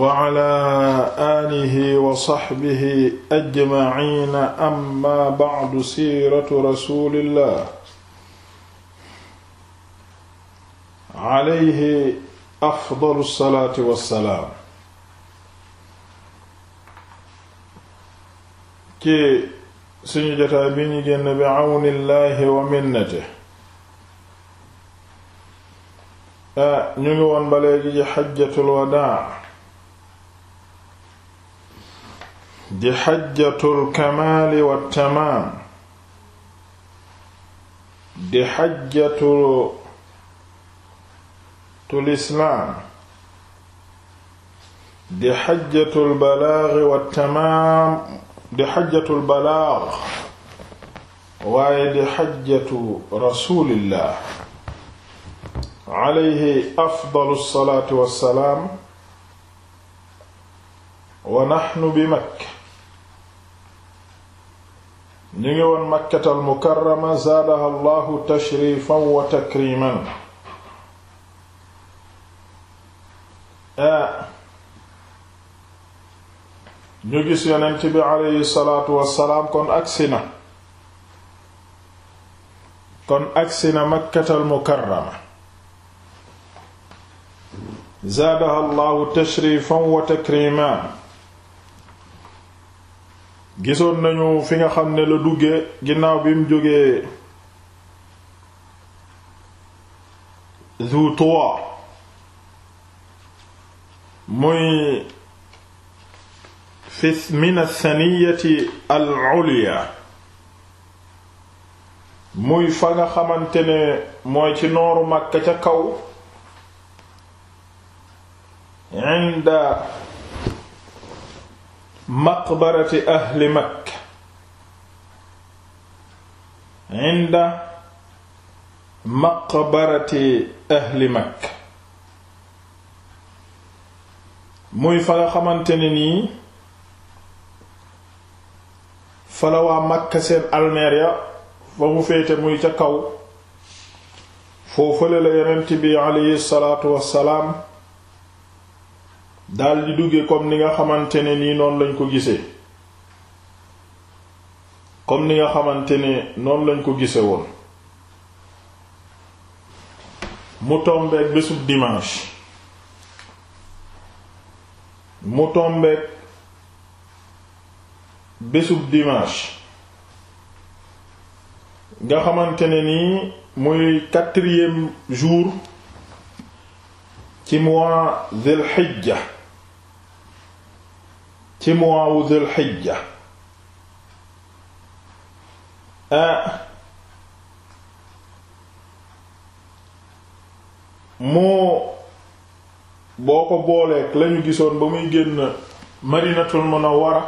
wala alihi wa saxbihi ajmaciina amma bacdu siiratu rasulillah alayhi afdalu salaati wassalaam ci suñu jotaay bi ñu génn bi awnillahi wa minnatihi ah, ñu ngi woon ba léegi ci xajjatul wadaa di xajjatul kamaali wa tamaam di xajjatul tul islaam di xajjatul balaagi wa tamaam di xajjatul balaag waaye di xajjatu rasulillah alayhi afdalu salaatu wa salaam wa naxnu bi Makka ñu ngi woon makkatal mukarrama zaadaha allahu tashrifan wa takriman eh, ñu gis yonent bi aleyhi salaatu wassalaam kon agsi na kon agsi na makkatal mukarrama zaadaha allahu tashrifan wa takriman gisoon nañu fi nga xam ne la dugge ginnaaw bi mu jógee Zu Tuwa muy fi min as-saniyati al-ulya muy fa nga xamante ne mooy ci nooru Makka ca kaw inda maqbarati ahli makka inda maqbarati ahli makka muy fa nga xamante ne nii fa la waa makka seen almeer fa mu muy ca kaw foofale la yonent bi aleyhi salaatu wassalaam daldi dugge comme ni nga xamante ne nii noonu lañ ko gisee comme ni nga xamante ne noonu lañ ko gise woon mu tombeek bésub dimanche mu tombeek bésub dimanche nga xamante ne nii muy quatrième jour ci mois Dhul Hijja ci mois Dhul Hijja ah. moo boo ko booleek lañu gisoon ba muy génn Madinatul Munawwara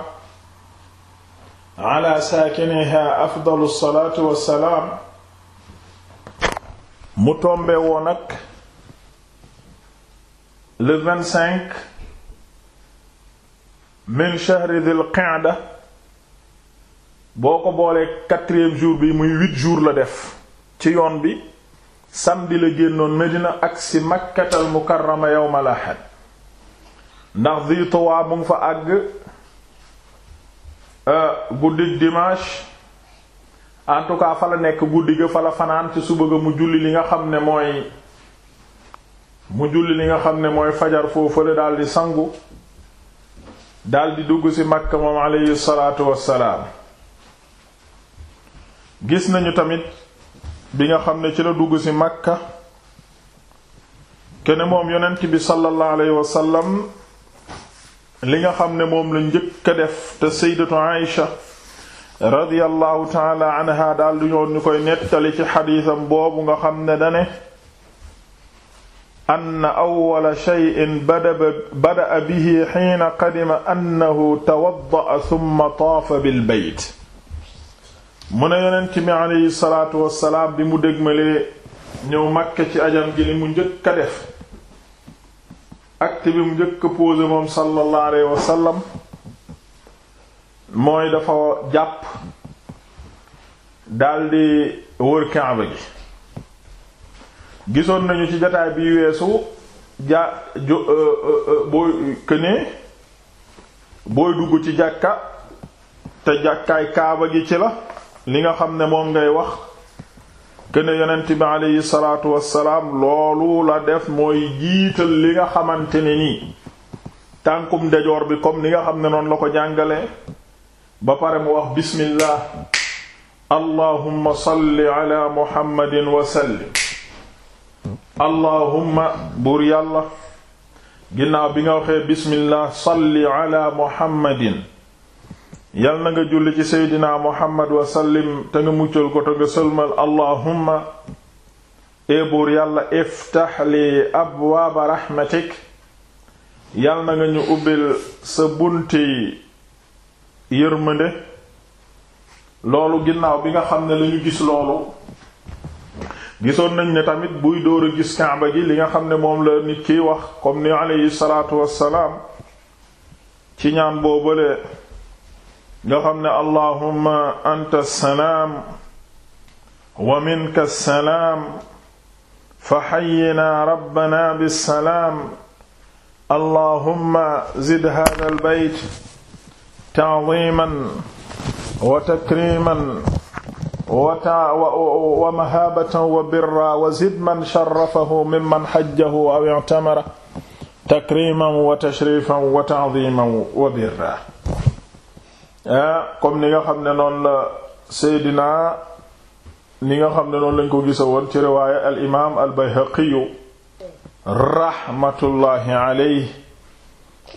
ala saakiniha afdalu salaatu wassalaam mu tombe woon ak le vingt-cinq min shahri dhil qa'da boo ko boolee quatrième jour bi muy huit jours la def ci yoon bi samedi la génnoon Medina ak si makkatal mukarrama yawmal ahad ndax Dhi Tuwa mu fa àgg euh, guddig dimanche en tout cas fa la nekk guddi ga fa la fanaan ci suba ga mu julli li nga xam ne mooy mu julli li nga xam ne mooy fajar foofu la daldi sangu daldi dugg ci Makka moom aleyhi salaatu wassalaam gis nañu tamit bi nga xam ne ci la dugg ci Makka kene moom yonent bi sallallahu alayhi wasallam li nga xam ne moom la njëkk a def te sayyidatu Aïsha radiyallahu taala anha daldi ñoon ñu koy nettali ci xadiisam boobu nga xam ne dane anna awwala shay'in bada'a bihi hiina qadima annahu tawadda'a thumma taafa bil bayt mu ne yonent bi aleyhi salaatu wassalaam bi mu dégmalee ñëw Makka ci ajam gi li mu njëkk def acte bi mu njëkk a moom sallallahu alayhi wa mooy dafa jàpp daldi wër Kaaba gi gisoon nañu ci jotaay bi weesu ja jo euh, euh, euh, booy kënee booy dugg ci jàkka te jàkkaay kaaba gi ci la li nga xam ne moom ngay wax këne yonent bi aleyhi salaatu wassalaam loolu la def mooy jiital li nga xamante ni tànkum ndejoor bi comme li nga xam ne noonu la ko jàngale ba pare mu wax bismillah allahumma salli ala muhammadin wa allahumma buur yàlla ginnaaw bi nga waxee bismillah salli ala muhammadin yal na nga julli ci seydinaa muhammad wa sallim te nga muccal ko nga sëlmal allahumma ee buur yàlla iftax li abwaaba raxmatik yal na nga ñu ubbil sa bunti yërmande loolu ginnaaw bi nga xam ne lañu gis loolu gisoon nañ ne tamit buy dóor a gis kaaba gi li nga xam ne moom la nit kiy wax comme ni aleyhi salaatu wassalaam ci ñaan boobale nga xam ne allahumma anta salaam wa minka salaam fa hayyina rabbana bissalaam allahumma zid haadha al bayt wa takriman wata wa mahabatan wa birra wa zid man sharafahu mimman hajjahu aw i'tamara takriman wa tashrifan wa ta'dhiman wa birra comme ni nga xam ne noonu la Seydina ni nga xam ne noonu lañ ko gisa woon ci riwaaya al imaam al Bayhaqiyu rahmatullahi alayhi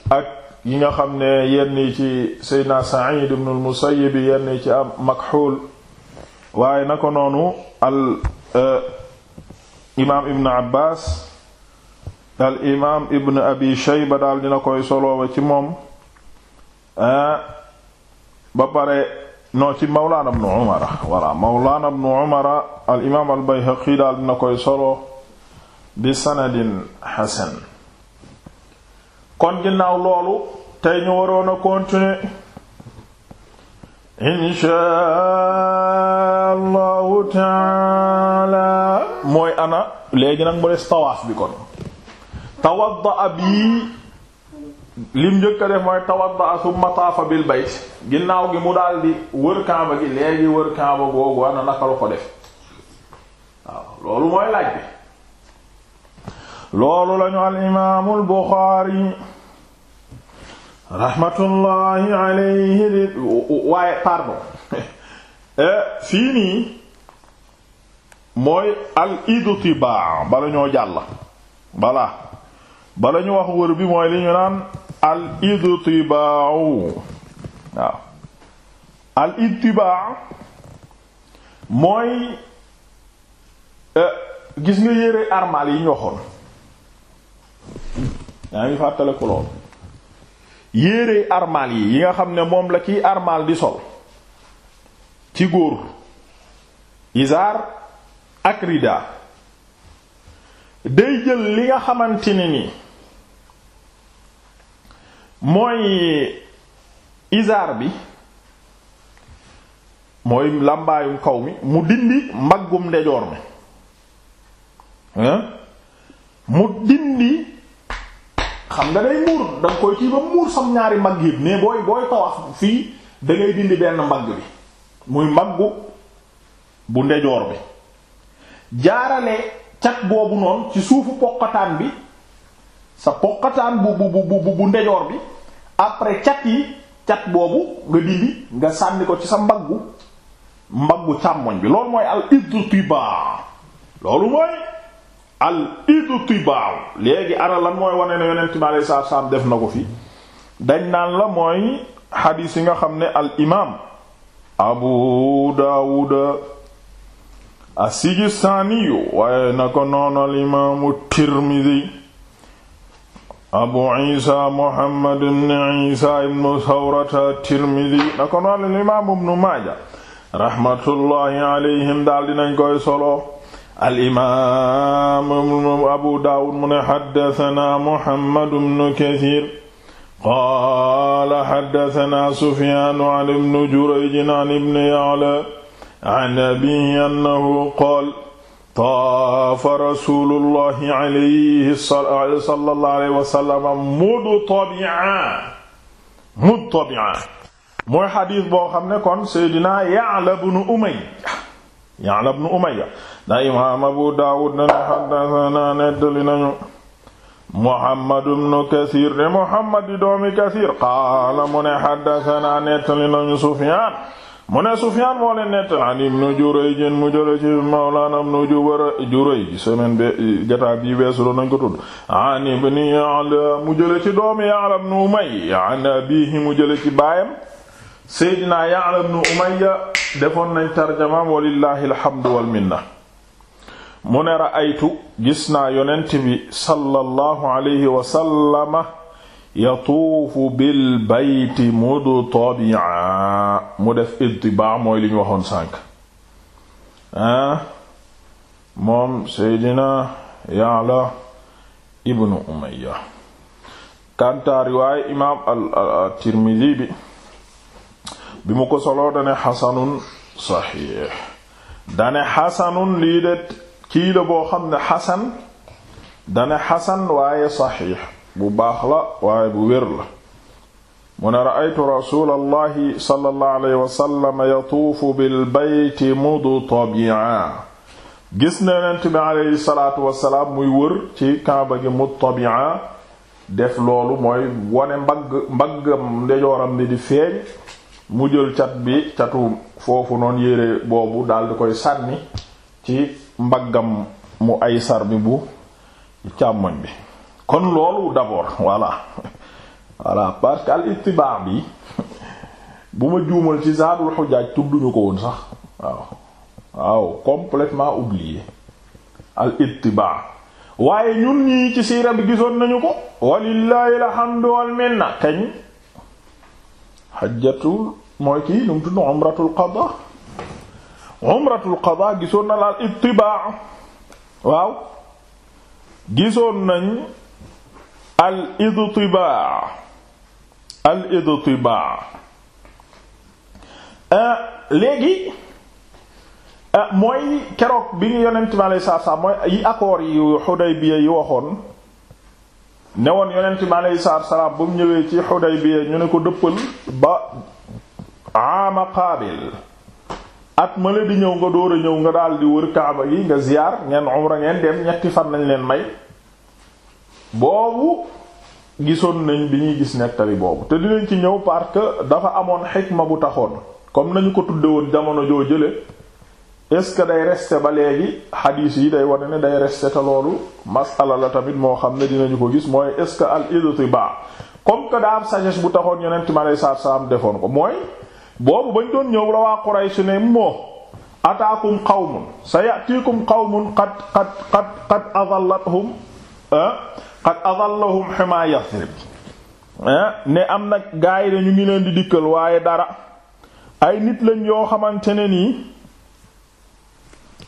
ak yi nga xam ne yenn yi ci Seydina Sa'id ibn al Musayyib yenn yi ci am Makhul waaye na noonu euh, al imaam ibn abi shayba daal dina koy soloowa ci moom euh, ba pare noo ci mawlaana ibn umara wala mawlaana ibn umara al imaam al bayhaqi daal dina koy solo bi sanadin hasan kon ginnaaw loolu tey ñu waroon a continuer inshaa allahu taala mooy ana léegi nag mu des tawaaf bi kon tawaddaa bii lim njëkk def mooy tawaddaa summa taafa bil bayt ginnaaw gi mu daldi wër kaaba gi léegi wër kaaba googu ana naka la ko def waaw loolu mooy laaj bi loolu lañu al imaamul Buxaari raxmatullahi alayhi waaye pardon eh, fii nii mooy al idtibaa bala ñoo jàll bala bala ñu wax wër bi mooy li ñu naan al idtibaa waaw al idtibaa mooy eh, gis nga yére armal yi ñu waxoon yaa ngi fàttaliku lool yéere armal yi yi nga xam ne moom la kiy armal di sol ci góor isaar ak rida day jël li nga xamante ne ni mooy isaar bi mooy làmbaayum kaw mi mu dindi mbaggum ndejoor mi mu dindi xam nga day muur da nga koy kii ba muur sam ñaari mbagg yëpp mais booy booy tawaf fii da ngay dindi benn mbagg bi muy mbaggu bu ndejoor bi jaarale cat boobu noonu ci suufu poqataan bi sa poqataan bu bu bu bu ndejoor bi après cat yi cat boobu nga dindi nga sànni ko ci sa mbaggu mbaggu càmmoñ bi loolu mooy al idtiba loolu mooy al idtibaaw léegi ana lan mooy wane ne yonent bi alayhi salaatu salaam def na ko fi dañ naan la mooy xadiis yi nga xam ne al imaam abu daawuda as-sijistaaniyu waaye na ko noonu al imaamu tirmidi abu isa muhammad ibn isa ibn sawrata tirmidi na ko noonu al imaamu ibnu maaja raxmatullaahi alayhim daal dinañ koy solo al-imaam Abu Daawud mu ne haddasanaa Muhammad ibn Kasiir qaala haddasanaa Sufyaan an ibn Jurayj an ibn Ya'la an abiihi annahu qaala taafa rasuulullaahi alayhi sallallaahu alayhi wa sallam mudtabi'an mudtabi'an mooy xadiis boo xam ne kon Seydina Ya'la ibn Umayya Ya'la ibn Umayya da imaam abu daawud na ne xaddasanaa nettali nañu muhammad ibnu kasiir de muhammad di doomi kasiir qaala mu ne xaddasanaa nettali nañu sufyaan mu ne sufyaan nettali an ibnu jurayj mu jële ci mawlaana ibnu jurayj semaine bi gataa bi weesu doon ko tudd an ibni ya'la mu jële ci doomi ya'la an abiihi mu jële ci baayam seydinaa ya'la ibnu umayya defoon nañ alhamdu wal minna mu ne ra'aytu gis naa yonent bi sallallahu alayhi wa sallama yatuufu bil bayti mudtabi'a mu def ittiba mooy li ñu waxoon sànq ah moom seydina Ya'la ibnu Umayya kanta riwaaya imaam at-Tirmidhi bi bi mu ko soloo dane saxiix dane xasanun lii kii da boo xam ne xasan dane xasan waaye saxiix bu baax la waaye bu wér la mu ne raaytu rasul allahi sallallahu alayhi wasallam yatuufu bil bayti mudtabia gis na yonent bi aleyhi salaatu wasalaam muy wër ci kaaba gi mudtabia def loolu mooy wone mbagg mbaggam ndejooram bi di feeñ mu jël cat bi catu foofu noonu yére boobu daldi koy sànni ci mbaggam mu aysar bi bu càmmoñ bi kon loolu d'abord voilà voilà parce que al ittiba bi bu ma juumal ci zaadul xujaaj tudduñu ko woon sax waaw waaw complètement oublié al ittiba waaye ñun ñii ci siira bi gisoon nañu ko walillahi alhamdu wal minna kañ mooy kii nu tudd umratul qada umratul qadaa gisoon na laal ittibaa waaw gisoon nañ al idtibaa al idtibaa léegi mooy keroog bi ñu yonent mi alayhi salaatu salaam mooy yi accord yi Xudaybiya yi waxoon ne woon yonent mi alayhi salaatu salaam bu mu ñëwee ci Xudaybiya ñu ne ko dëppal ba aama qaabil at male di ñëw nga door a ñëw nga daal di wër kaaba yi nga ziyaar ngeen umra ngeen dem ñetti fan lañ leen may boobu gisoon nañ bi ñuy gis nettali boobu te dinañ ci ñëw parce que dafa amoon xikma bu taxoon comme nañu ko tudde woon jamono joo jële est-ce que day rester ba léegi xadiis yi day wane ne day rester te loolu masala la tamit moo xam ne dinañu ko gis mooy est-ce que al idtiba comme que daa am sagesse bu taxoon yonent mi sa salaam defoon ko mooy boobu bañ doon ñëw la waa Quraysh ne moo ataakum qawmun sayatiikum qawmun qad qad qad qad adallahum ah, qad adallahum hima yasrib ah, ne am na gaay de ñu ngi leen di dikkal waaye dara ay nit lañ yoo xamante ne nii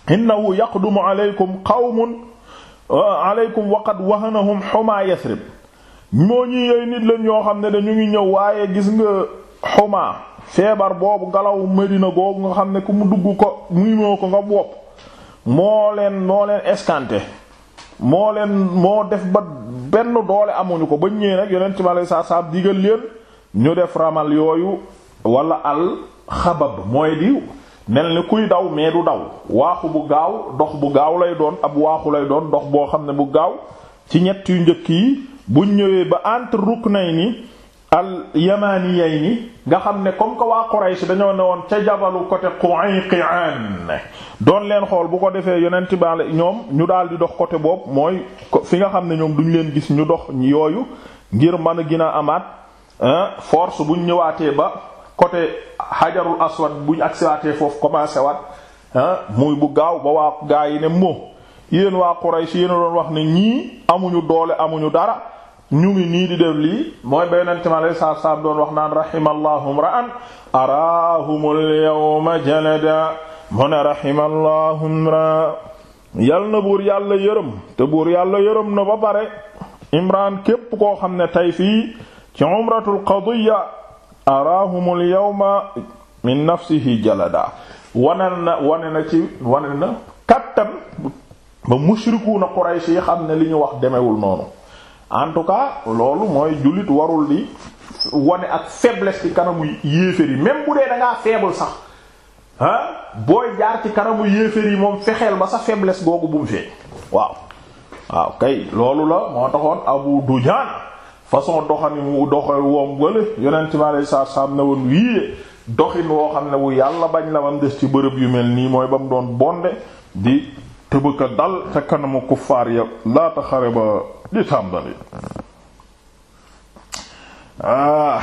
innahu yaqdumu aleykum qawmun ah, aleykum wa qad wahanahum huma yasrib moo ñi ay nit lañ yoo xam ne dañu ngi ñëw waaye gis nga huma feebar boobu ngelaw Medina googu nga xam ne ku mu dugg ko muy moo ko nga bopp moo leen moo leen escanté moo leen moo def ba benn doole amuñu ko ba ñëwee nag yonent bi alayhi salaam digal leen ñu def ramal yooyu wala al xabab mooy di mel ni kuy daw mais du daw waaxu bu gaaw dox bu gaaw lay doon ab waaxu lay doon dox boo xam ne bu gaaw ci ñett yu njëkk yi buñ ñëwee ba entre nii al yamaniyey ni nga xam ne comme que waa Quraysh dañoo ne woon ca jabalu côté Qu'ayqi'an doon leen xool bu ko defee yonent baal ñoom ñu dal di dox côté boobu mooy fi nga xam ne ñoom duñu leen gis ñu dox yooyu ngir mën a gën a amaat force buñ ñëwaatee ba côté xajarul aswad buñ agsiwaatee foofu commencé waat muy bu gaaw ba waa gaa yi ne moo yéen waa Quraysh yéen a doon wax ne ñii amuñu doole amuñu dara ñu ngi nii di def lii mooy ba yonente mi alei saatu salaam doon wax naan rahimallahu imra'an araahumul yawma jalada mu ne yal na buur yàlla yërëm te buur yàlla yërëm na ba pare imran képp koo xam ne tey fii ci umratul qadiya araahumul yawma min nafsihi jalada wane na ci wane na kattan ba mushrikuuna quraysh yi xam ne li ñu wax demewul noonu en tout cas loolu mooy jullit warul di wane ak faiblesse ci kanamu yéefér yi même bu dee da ngaa sax ah booy jaar ci kanamu yéefér yi moom fexeel ba sa faiblesse googu bu mu feeñ waaw waaw kay loolu la moo taxoon Abu Dujaan façon doxani mu doxal woom wala yonent mi alayhi salaatu salaam ne woon wii doxin woo xam ne wu yàlla bañ la bam des ci bërëb yu mel nii mooy ba mu doon bonde di tëbëka dal ca kanamu kuffaar ya laata xare ba di tàmbali ah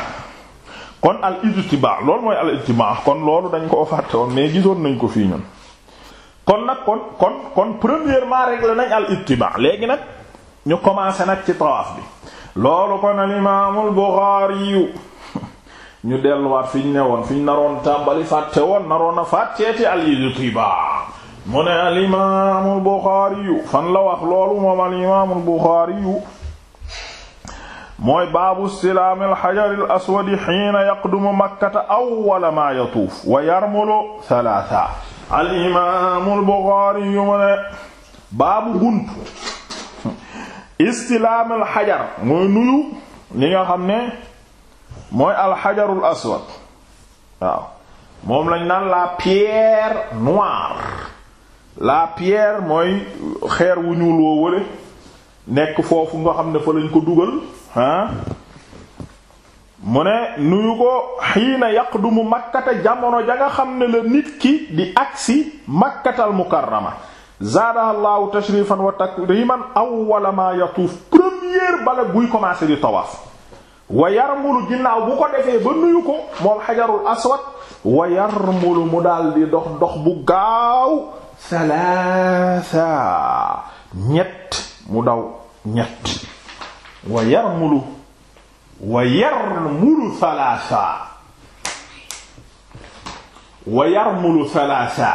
kon al ijtimaa loolu mooy al ijtimaa kon loolu dañ ko fàtte woon mais gisoon nañ ko fii ñun kon nag kon kon kon premièrement réglé nañ al ijtimaa léegi nag ñu commencé nag ci tawaaf bi loolu kon al imaamul ñu delluwaat fi ñu ne woon fi ñu naroon tàmbali fàtte woon naroon a fàtteeti al ijtimaa mu ne al imaamul buxaariyu fan la wax loolu moom al imaamul buxaariyu mooy baabu silaamil xajaril aswadi xiina yaqdumu makkata awwala maa yatuuf wa yarmulu salaasa al imaamul buxaariyu mu ne baabu gunt istilaamil xajar mooy nuyu li nga xam ne mooy alxajarul aswad waaw moom lañ naan la pierre noire la pierre mooy xeer wu ñuul woo wële nekk foofu nga xam ne fa lañ ko dugal mu ne nuyu ko xiina mu makkata jamono ja nga xam ne la nit ki di agsi makkatal mukarrama zaadaha llahu tashrifan wa takriman awwala ma yatuuf première bala buy commencer di tawaaf wa yarmulu ginnaaw bu ko defee ba nuyu ko moom xajarul aswad wa yarmulu mu dal di dox dox bu gaaw thalatha ñett mu daw ñett wa yarmulu wa yarmulu thalatha wa yarmulu thalatha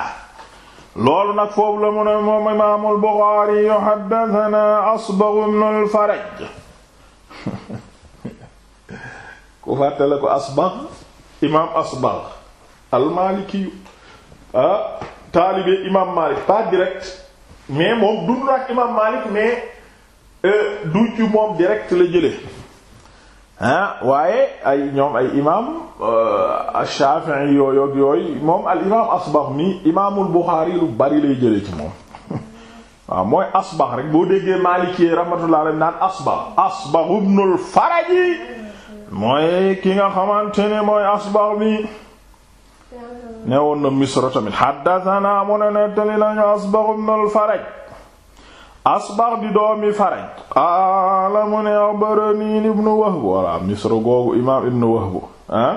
loolu nag foofu la mu ne moom imaam al-Buxaari yu haddathana Asbagh ibn al-Faraj ku fàttale ko Asbagh imaam Asbagh al-Maliki ah taalibe imam Malik pas direct mais moom dund ak imam Malik mais euh, du ci moom direct la jële ah waaye ay ñoom ay imam euh, Shafi'i yooyu yooyu moom al imam Asbax mi imaamul Buxaari lu bari lay jële ci moom waaw mooy Asbax rek boo déggee Maliki rahmatullah alayhi naan Asbax Asbax ibnul Faraji mooy ki nga xamante mooy Asbax mi neewoon na misra tamit xaddatanaa mu ne nettali nañu asbax ibn al faraj asbax di doomi faraj qaala mu ne axbarani ibnu wahb wala misra googu imaam ibnu wahb ah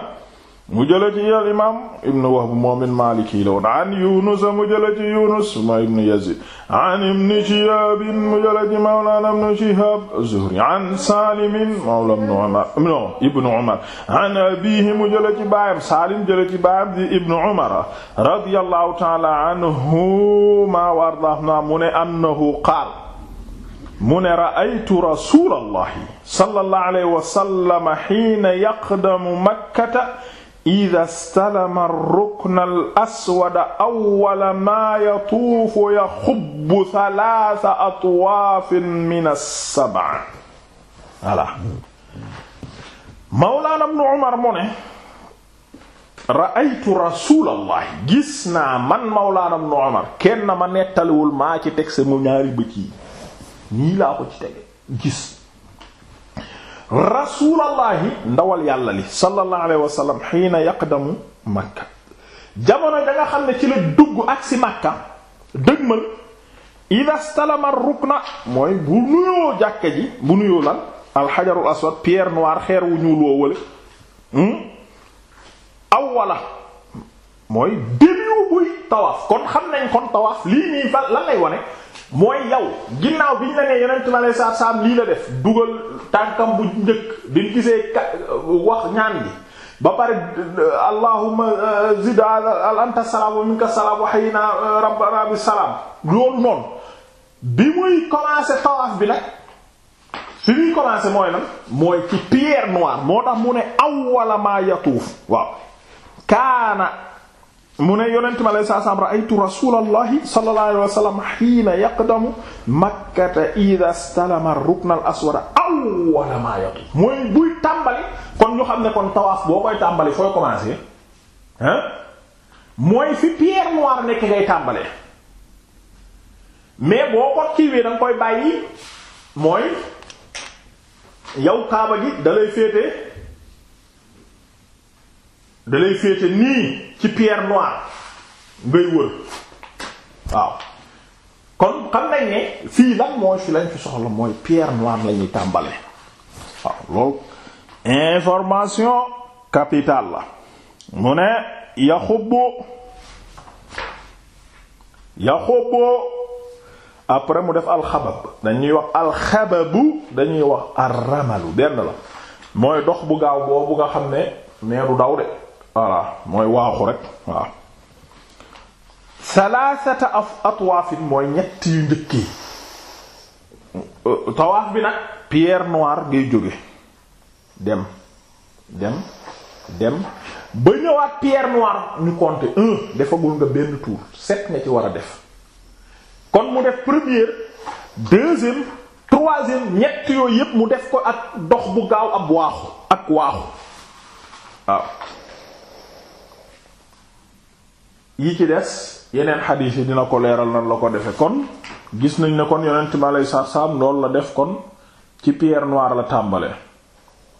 mu jële ci al imaam ibn wahb moomin maaliki la woon an yunus mu jële ci yunus ma ibn yazid an ibn shihab mu jële ci mawlana ibn shihab zuhri an saalimin mawla ibn umar no ibn umar an abihi mu jële ci baayam saalim jële ci baayam di ibn umar radiyallahu ta'ala anhuma wa ardaahuma mu ne annahu qaal mu ne ra'aytu rasulallahi sallallahu alayhi wa sallam hiina yaqdamu makkata ida stalama rukna al aswada awwala maa yatuufu yaxubbu talaata atwaafin min as-sab'a voilà mawlaana ibnu umar mu ne ra'aytu rasuulallah gis naa man mawlaana ibnu umar kenn ma nettaliwul maa ci teg sama ñaari bët yi nii laa ko ci tege gis rasulallaahi ndawal yàlla li sallallahu alayhi wa sallam xiina yaqdamu makka jamono da xam ne ci la dugg ak si makka dëgmal ida stalama rukna mooy bu nuyoo jàkka ji bu nuyoo lan alxajarul aswad pierre noire xeer wu ñuul woo wële hmm? awwala mooy début buy tawaaf kon xam nañ kon tawaaf lii nii fa lan lay wone mooy yow ginnaaw bi ñu la nee yonent mi aleyhi salaatu salaam lii la def dugal tànkam bu njëkk bi ñu gisee euh, wax ñaan gi ba pare euh, allahumma euh, zid al anta salaam wa minka salaam wa hayyina rabbana loolu noonu bi muy commencé tawaaf bi nag fi muy commencé mooy lan mooy ci pierre noire moo tax mu ne awwala ma yatuuf waaw kaana mu ne yonent mi alayhi salaam ra'aytu rasulallahi sallallahu alayhi wa sallam makkata idha istalama ar-rukn al-aswad awwala mooy buy tàmbali kon ñu xam ne kon tawaaf boo koy tàmbali fooy commencer mooy fi pierre noire nekk ngay tàmbalee mais boo ko kiiwee da koy bàyyi mooy yow kaaba gi da lay féete da féete nii ci pierre noire ngay wër waaw kon xam nañ ne fii lan mooy fi lañ fi soxla mooy pierre noire lañuy tàmbale waaw loolu information capital la mu ne yaxubu yaxubu après mu def alxabab dañuy wax alxababu dañuy wax arramalu benn la mooy dox bu gaaw boobu nga xam ne meeru daw de voilà mooy waaxu rek waaw salaasata atwaafin mooy ñett yu njëkk yi tawaaf bi nag pierre noire ngay jóge dem dem dem ba ñëwaat pierre noire ñu compter defagul nga benn tour sept nga ci war a def kon mu def première deuxième troisième ñett yooyu yépp mu def ko ak dox bu gaaw ab waaxu ak waaxu waaw yi ci des yeneen xadiis yi dina ko leeral na la ko defe kon gis nañ ne kon yonent mi aleyhi salaatu salaam loolu la def kon ci pierre noire la tàmbalee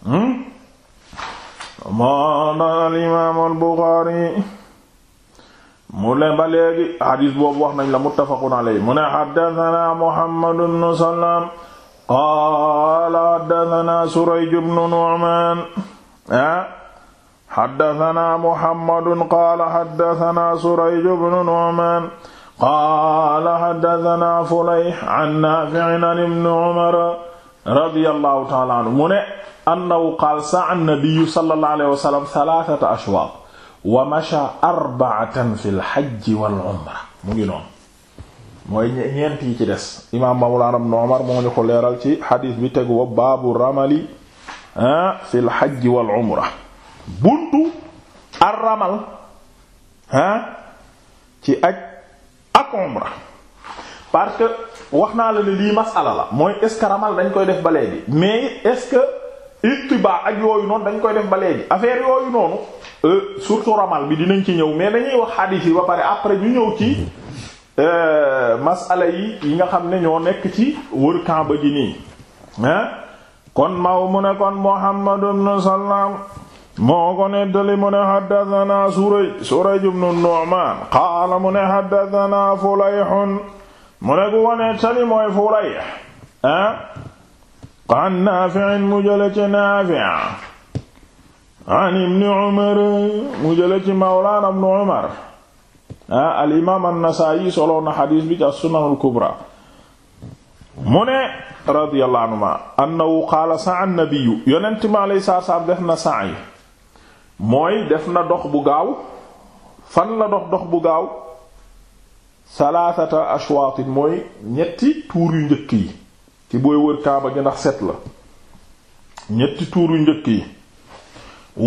hmm? moo na al imaam al mu leen ba léegi xadiis boobu wax nañ la muttafaqun alayhi mu ne xaddatanaa Muhammad ibnu Salaam qaala xaddatanaa Surayj ibnu Nu'maan ah xaddatanaa muhammadun qaala xaddatanaa surayj bnu nu'maan qaala xaddatanaa fulayh an naafi'in an ibni umar radiyallahu ta'ala anhu mu ne annahu qaal sa'a nabiyyu sallallahu alayhi wa sallam thalathata ashwaat wa masha arba'atan fil hajji wal umra mu ngi noonu mooy ñeent yi ci des imaam mawlaana ibnu umar moo ñu ko leeral ci xadiis bi tegu wa baabu ramali ah, fil hajji wal umra buntu arramal ah ci ak ak umra parce que wax naa la ne lii masala la mooy est ce que ramal dañ koy def ba léegi mais est ce que ittiba ak yooyu noonu dañ koy def ba léegi affaire yooyu noonu euh, surtout ramal bi dinañ ci ñëw mais dañuy wax xadiis yi ba pare après ñu ñëw ci euh, masala yi yi nga xam ne ñoo nekk ci wër kamba gi nii ah kon maw mu ne kon Muhammad ibn Sallam moo ko nettali mu ne xaddatanaa suraj suraj ibnu nu'maan qaala mu ne xaddatanaa fulayxun mu ne ku ko nettali mooy fulayx ah an naafi'in mu jële ci naafi' an ibni umar mu jële ci mawlaana ibnu umar ah al imaam an-nasaa'i soloo na xadiis bi ci as-sunan al-kubra mu ne radiyallahu anhu annahu qaala sa'a an-nabiyyu yonent mi alayhi salaatu wa salaam def na sa'i mooy def na dox bu gaaw fan la dox dox bu gaaw salaasata ashwaatin mooy ñetti tuur yu njëkk yi ci booy wër kaaba gi ndax set la ñetti tuur yu njëkk yi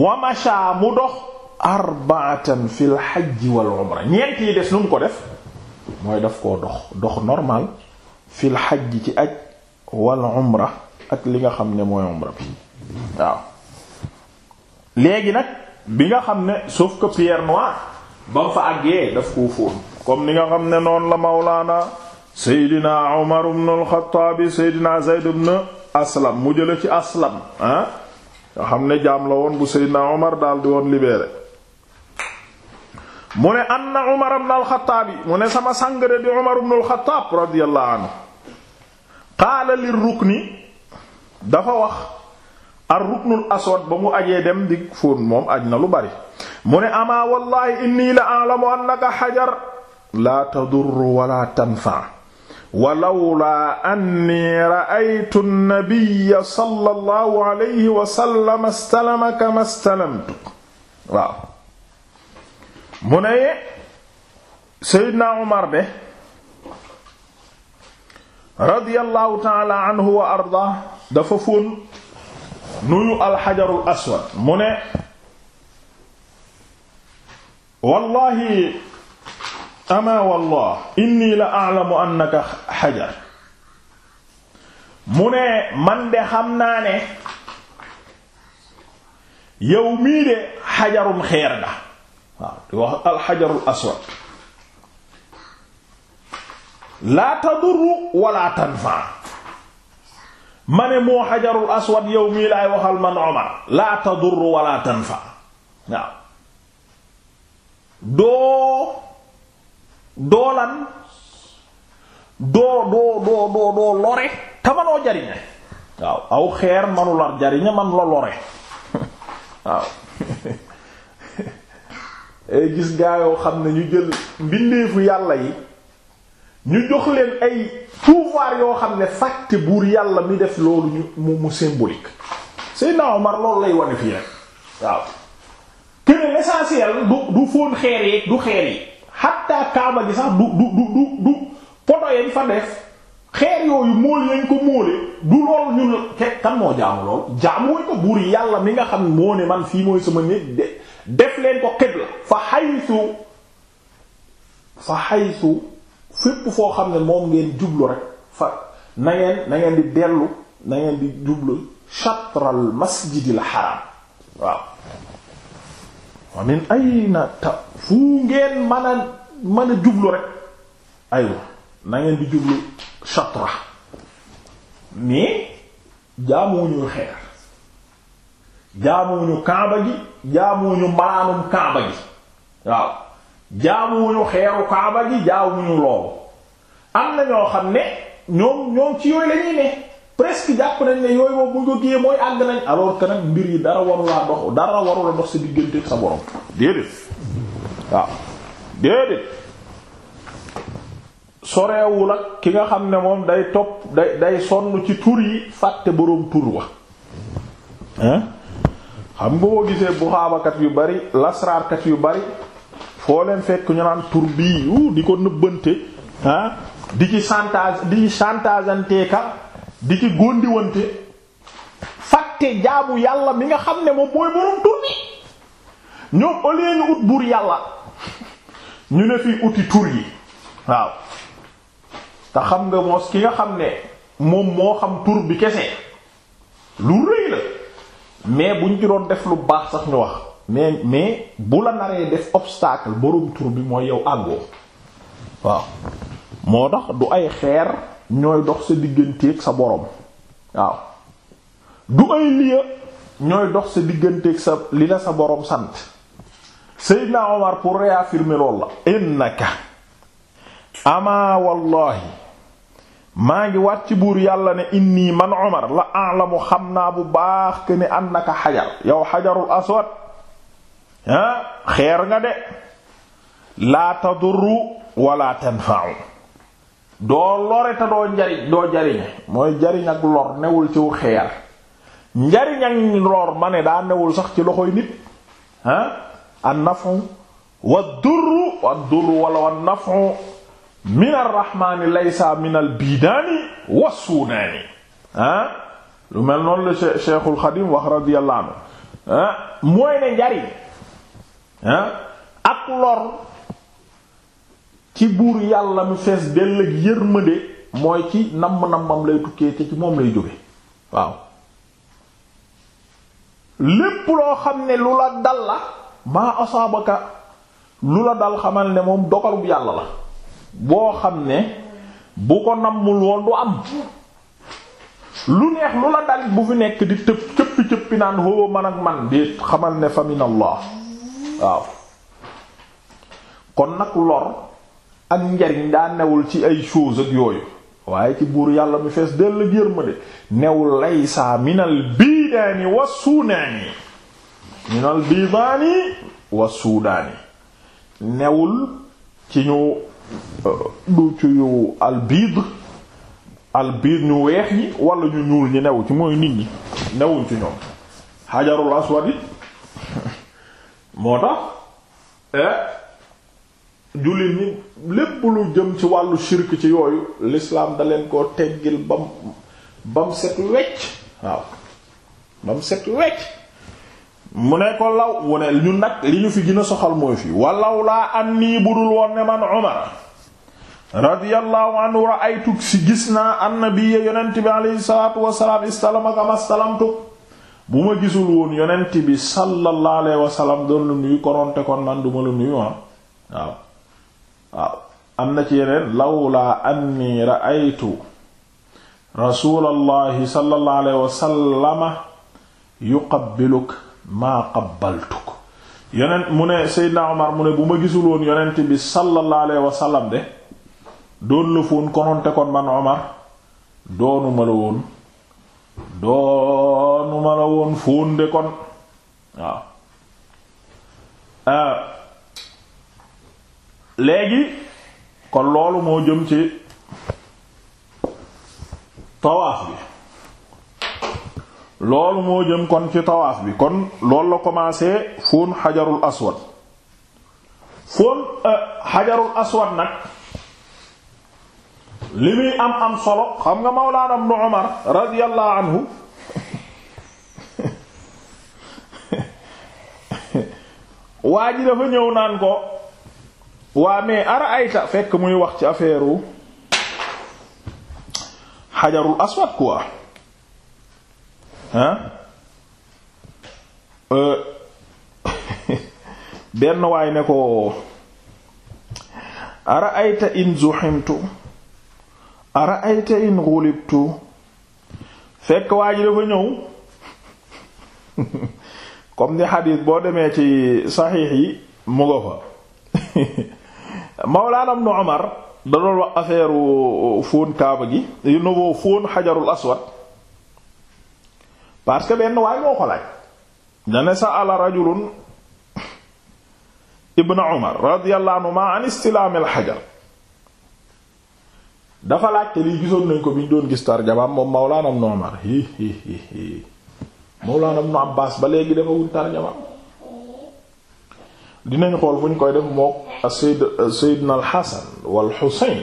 wamasha mu dox arbaatan fil hajji wal umra ñeent des nu ko def mooy daf koo dox dox normal fil hajji ci aj wal umra ak li nga xam ne mooy umra bi waaw léegi nag bi nga xam ne sauf que pierre noire ba mu fa àggee daf koo fóon comme ni nga xam ne noonu la mawlaana seydina umar ibn al seydina Zayd ibn aslam mu jële ci aslam ah nga xam ne jaam la woon bu seydina umar daal di woon libéré mu ne anna umar ibn al mu ne sama sangare di umar ibn al-Xattaab radiyallahu anhu qaala lirrukni dafa wax ar ruknul aswad ba mu ajee dem di fóon moom aj na lu bari mu ne amaa wallahi inni la a'lamu annaka xajar laa tadurru wala tanfa walawlaa anni ra'aytu an-nabiyya sallallahu alayhi wa sallam astalamaka ma stalamtu waaw mu ne Seydina Umar de radiyallahu ta'ala anhu wa arda dafa fóon nuyu alxajarul aswad mu ne wallahi ama wallah inni la alamu annaka xajar mu ne man de xam naa ne yow mii de xajarum xeer nga waaw di aswad laa tadurru wala tanfaa ma ne moo xajarul aswad yow mii laay waxal man Omar laa tadur wala tanfa waaw doo doolan doo doo doo doo doo lore te manoo jariñe waaw aw xeer manu la man la lore waaw eh, gis gaa yoo xam ne ñu jël mbindeefu yàlla yi ñu jox leen ay pouvoir yoo xam ne fàtte buur yàlla mi def loolu ñu mu mu symbolique Seydina Omar loolu lay wane fii rek waaw kene l'essentiel du du fóon xeer yi du xeer yi xatta kaaba gi sax du du du du du poto fa def xeer yooyu móol yañ ko móole du lool ñu ke kan moo jaamu lool jaamu woñ ko buur yàlla mi nga xam moo ne man fii mooy sama nit def leen ko xibla fa xaytu fa xaytu fépp foo xam ne moom ngeen jublu rek fa na ngeen na di dellu na di jublu shatral masjidil haram waaw wa min ayna ta fu ngeen mën a mën a jublu rek aywa na ngeen di jublu shatra mais jaamuwuñu xeer jaamuwuñu kaaba gi jaamuwuñu malaanum kaaba gi waaw jaamuwuñu xeeru kaaba gi jaamuwuñu loolu am na ñoo xam ne ñoom ñoom ci yooyu lañuy ne presque jàpp nañ ne yooyu moom bu jógee mooy àgg nañ alors que nag mbir yi dara waru laa dox dara waru la sa diggante sa borom déedéet waaw déedéet soreewul ak ki nga xam ne moom day topp day sonn ci tur yi fàtte boroom tur wa xam nga boo gisee buxaabakat yu bari lasraarkat yu bari foo leen fekk ñu naan tur bi u di ko nëbbante ah, di ci chantage di ci chantageante ka di ci góndiwante fàtte jaabu yàlla mi nga xam ne moom mooy borom tur bi ñoom au lieu ut buur yàlla ñu ne fi uti tur yi waaw te xam nga moos ki nga xam ne moom moo xam tur bi kese lu rëy la mais buñ ci doon def lu baax sax ñu wax mais mais bu la naree def obstacle borom tur bi mooy yow àggoo waaw moo tax du ay xeer ñooy dox sa digganteeg sa borom waaw du ay lieu ñooy dox sa digganteeg sa li la sa borom sant Seydina Omar pour réaffirmer loolu la innaka ama wallahi maa ngi waat ci buur yàlla ne inni man Omar la a'lamu xam naa bu baax que ne annaka xajar yow xajarul aswad xeer nga de laa tadurru wala tanfa'u doo lore doo njariñ doo jariñe mooy jariñ ak lor newul ciw xeer njariñ ak lor ma ne daa newul sax ci loxoy nit ah an nafu wa durru wa durru wala wa nafu min arrahmani laysa min al wa suudaani lu mel noonu la Cheikhul Xadim wax radiyallahu anhu mooy ne njariñ ak lor ci buur yàlla mi fees dell ak yërmande mooy ci namm-nammam lay tukkee te ci moom lay jóge waaw lépp loo xam ne lu la dal la maa asaabaka lu la dal xamal ne moom dogal yàlla la boo xam ne bu ko nammul woon du am lu neex lu la dalit bu fi nekk di tëb cëppi-cëppi naan hóo man ak man di xamal ne fa waaw kon nag lor ak njariñ daa newul ci ay choses ak yooyu waaye ci buur yàlla mi fees dell ak yërmande newul laysa minal biidaani wa suudaani minal biidaani wa suudaani newul ci ñu euh, du yu albiid albiid ñu weex ñi wala ñu ñuul ñi new ci mooy nit ñi newuñ ci ñoom xajarul aswad moo tax eh, jullit ñi lépp lu jëm ci wàllu shirk ci yooyu l'islam da leen koo teggil bam bam set wecc waaw bam set wecc mu ne ko law mu ne ñun nag li ñu fi gën a soxal mooy fii walaw laa am nii budul woon ne man Umar radiyallahu anhu ra'aytuk si gis naa annabiyya yonent bi alayhi salaatu wassalaam istalamaka mastalamtuk bu ma gisul woon yonent bi sallallahu alayhi wa sallam doon lu nuyu konoonte kon man duma lu nuyu ah waaw waaw am na ci yeneen lawlaa anni ra'aytu rasulallahi sallallahu alayhi wa sallama yuqabbiluk maa qabbaltuk yonent mu ne Seydina Omar mu ne bu ma gisul woon yonent bi sallallahu alayhi wa sallam de doon la foon konoonte kon man Omar doonuma la woon doonu ma la woon fóonde kon waaw euh, léegi kon loolu moo jëm ci tawaaf bi loolu moo jëm kon ci tawaaf bi kon loolu la commencé fóon xajarul aswad fóon xajarul euh, aswad nag li muy am am solo xam nga Mawlaana Ibnu Umar radiyallahu anhu waa ji dafa ñëw naan ko waa mais ara ayta fekk muy wax ci affaire u xajarul aswad quoi hein euh, benn waay ne ko ara ayta in zuhimtu araayta in xulibtu fekk waa ji dafa ñëw comme ni xadiis boo demee ci saxiix yi mu fa Mawlaana Ibnu Umar da doon wax affaire fóon kaaba gi yu nouveau fóon xajarul aswad parce que benn waay moo ko laaj dane sa'ala rajulun ibnu Umar radiyallahu anhu ma an istilaamil xajar dafa laajte lii gisoon nañ ko bi ñu doon gis tarjamaam moom Mawlaana Ibnu Umar hi hi hi Abbaas ba léegi dafa wut tarjamaam dinañ xool fu ñu koy def moo mook Sayyid Sayyidna al-Hasan wal Husayn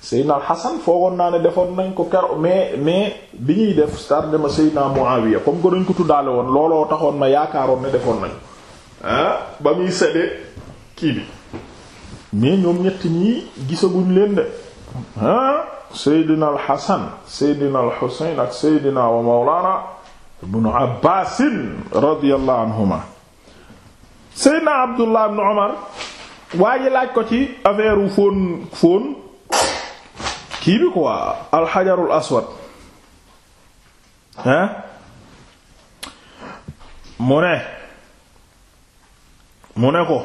Sayyidna al-Hasan foogoon naa ne defoon nañ ko kero mais mais bi ñuy def tarjama Sayyidna Muawiya comme que dañ ko tuddaale woon looloo taxoon ma yaakaaroon ne defoon nañ ah ba muy séddee kii bi mais ñoom ñett ñii gisaguñ leen de. ah Seydina al Xasan Seydina al Xuseyn ak Seydina wa Mawlaana ibnu Abbaasin radiyallahu anhuma Seydina Abdullah ibnu Umar waa ji laaj ko ci affaire u fóon fóon kii bi quoi alxajarul aswad hein mu ne mu ne ko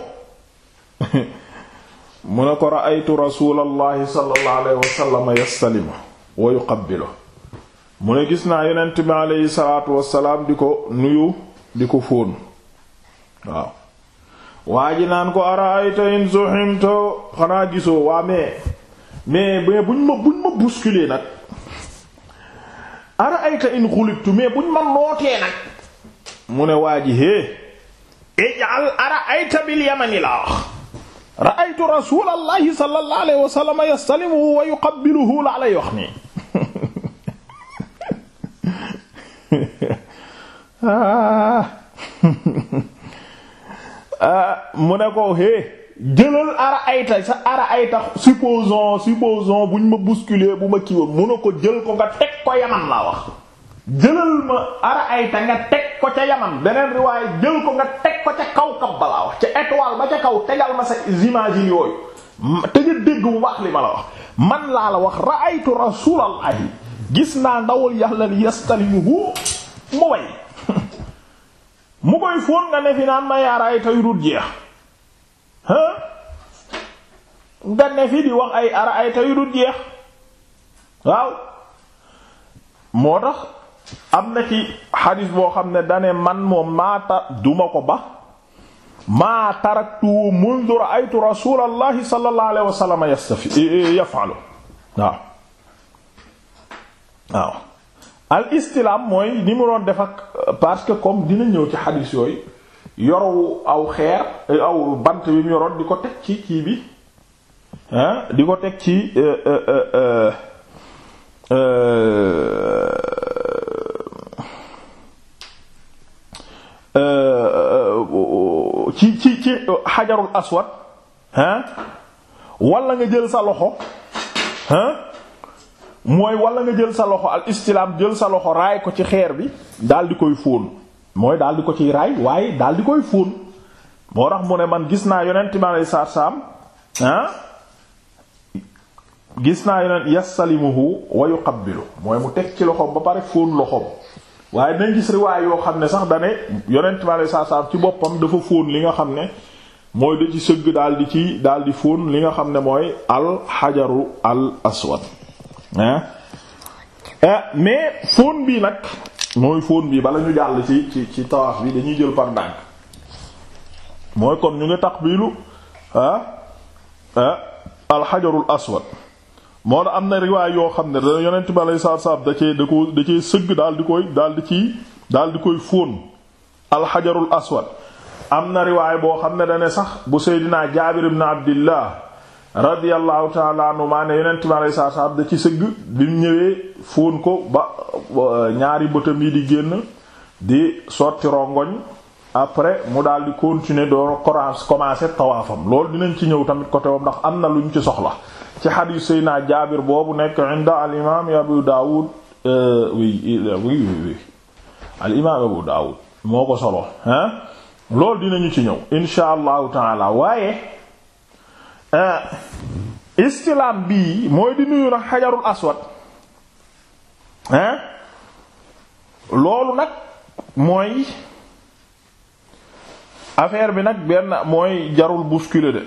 mu ne ko ra'aytu rasulallahi sallallahu alayhi wasallam yastalimu wa yuqabbilu mu ne gis naa yonent bi aleyhi salaatu wasalaam di ko nuyu di ko fóon waaw waa naan ko ara'ayta in zuhimto xanaa gisoo waa mais mais buñ ma buñ ma bousculer nag ara'ayta in xulibtu mais buñ ma nootee nag mu ne waa ji ara'ayta bil yamani laa wax ra'aytu rasulallahi sallallahu alayhi wa sallam yastalimuhu wa yuqabbiluhu lay wax nii ah. Ah, mu ne ko hé jëlal ara ayta sa ara ayta supposons supposons buñ ma bousculer bu ma kiiwoon mu ne ko jël ko nga teg ko yaman laa wax jëlal ma ara ayta nga teg ko ca yaman beneen riwaay jël ko nga teg teg ko ca kaw kab balaa wax ca étoile ba ca kaw tegal ma sa image yooyu te nga dégg bu li ma la wax man laa la wax ra'aytu rasulallahi gis naa ndawul yàlla li yastalimuhu mu way mu koy fóon nga ne fi naan ma yaaraay tey rut jeex ah nga ne fi di wax ay ara ay tey jeex waaw moo tax am na ci xadis boo xam ne dane man moom maata duma ko ba maa taraktuhu mundu ra'aytu rasulallahi sallallahu alayhi waaw waaw al mooy ni mu doon def ak parce que comme dina ñëw ci xadiis yooyu yoru aw xeer aw bant bi mu yoroon di ko teg ci kii bi di ko teg ci euh, euh, euh, ci ci ci xajarul aswad ah wala nga jël sa loxo ah mooy walla nga jël sa loxo al istilaam jël sa loxo raay ko ci xeer bi daal di koy fóon mooy daal di ko ciy raay waaye daal di koy fóon moo tax mu ne man gis naa yonent ma lay saar saam gis naa yonent yasalimuhu wa yuqabbilu mooy mu teg ci loxoom ba pare fóon loxoom waaye nañ yoo xam ne sax dane yonent ma lay saasaam ci boppam dafa fóon li nga xam ne mooy da ci sëgg daal di ci daal di fóon li nga xam ne mooy al xajaru al aswad eh, mais fóon bi nag mooy fóon bi bala ñu jàll ci ci ci tawaaf bi dañuy jël par ndànk mooy kon ñu ngi tax biilu ah, ah xajarul aswad moo am na riwaay yoo xam ne da yonent bi aleyhi salaatu da cee da ko da cee sëgg daal di koy daal di ci daal di koy fóon alxajarul aswad am na riwaay boo xam ne dane sax bu seydinaa jaabir ibn abdillah radiyallahu taala anhu maa ne yonent bi aleyhi salaatu salaam da ci sëgg bi ñëwee fóon ko ba ñaari bëtam yi di génn di sotti rongoñ après mu daal di continuer doo commencer tawaafam loolu dinañ ci ñëw tamit côté wam ndax am na lu luñ ci soxla ci xadiis Seydina Jaabir boobu nekk inda al imaam Abu Daawud euh, euh, moo ko solo ah loolu dinañu ci ñëw insha allahu taala waaye euh, istilaam bi mooy di nuyu nag xajarul aswad ah loolu nag mooy affaire bi nag benn mooy jarul bousculer de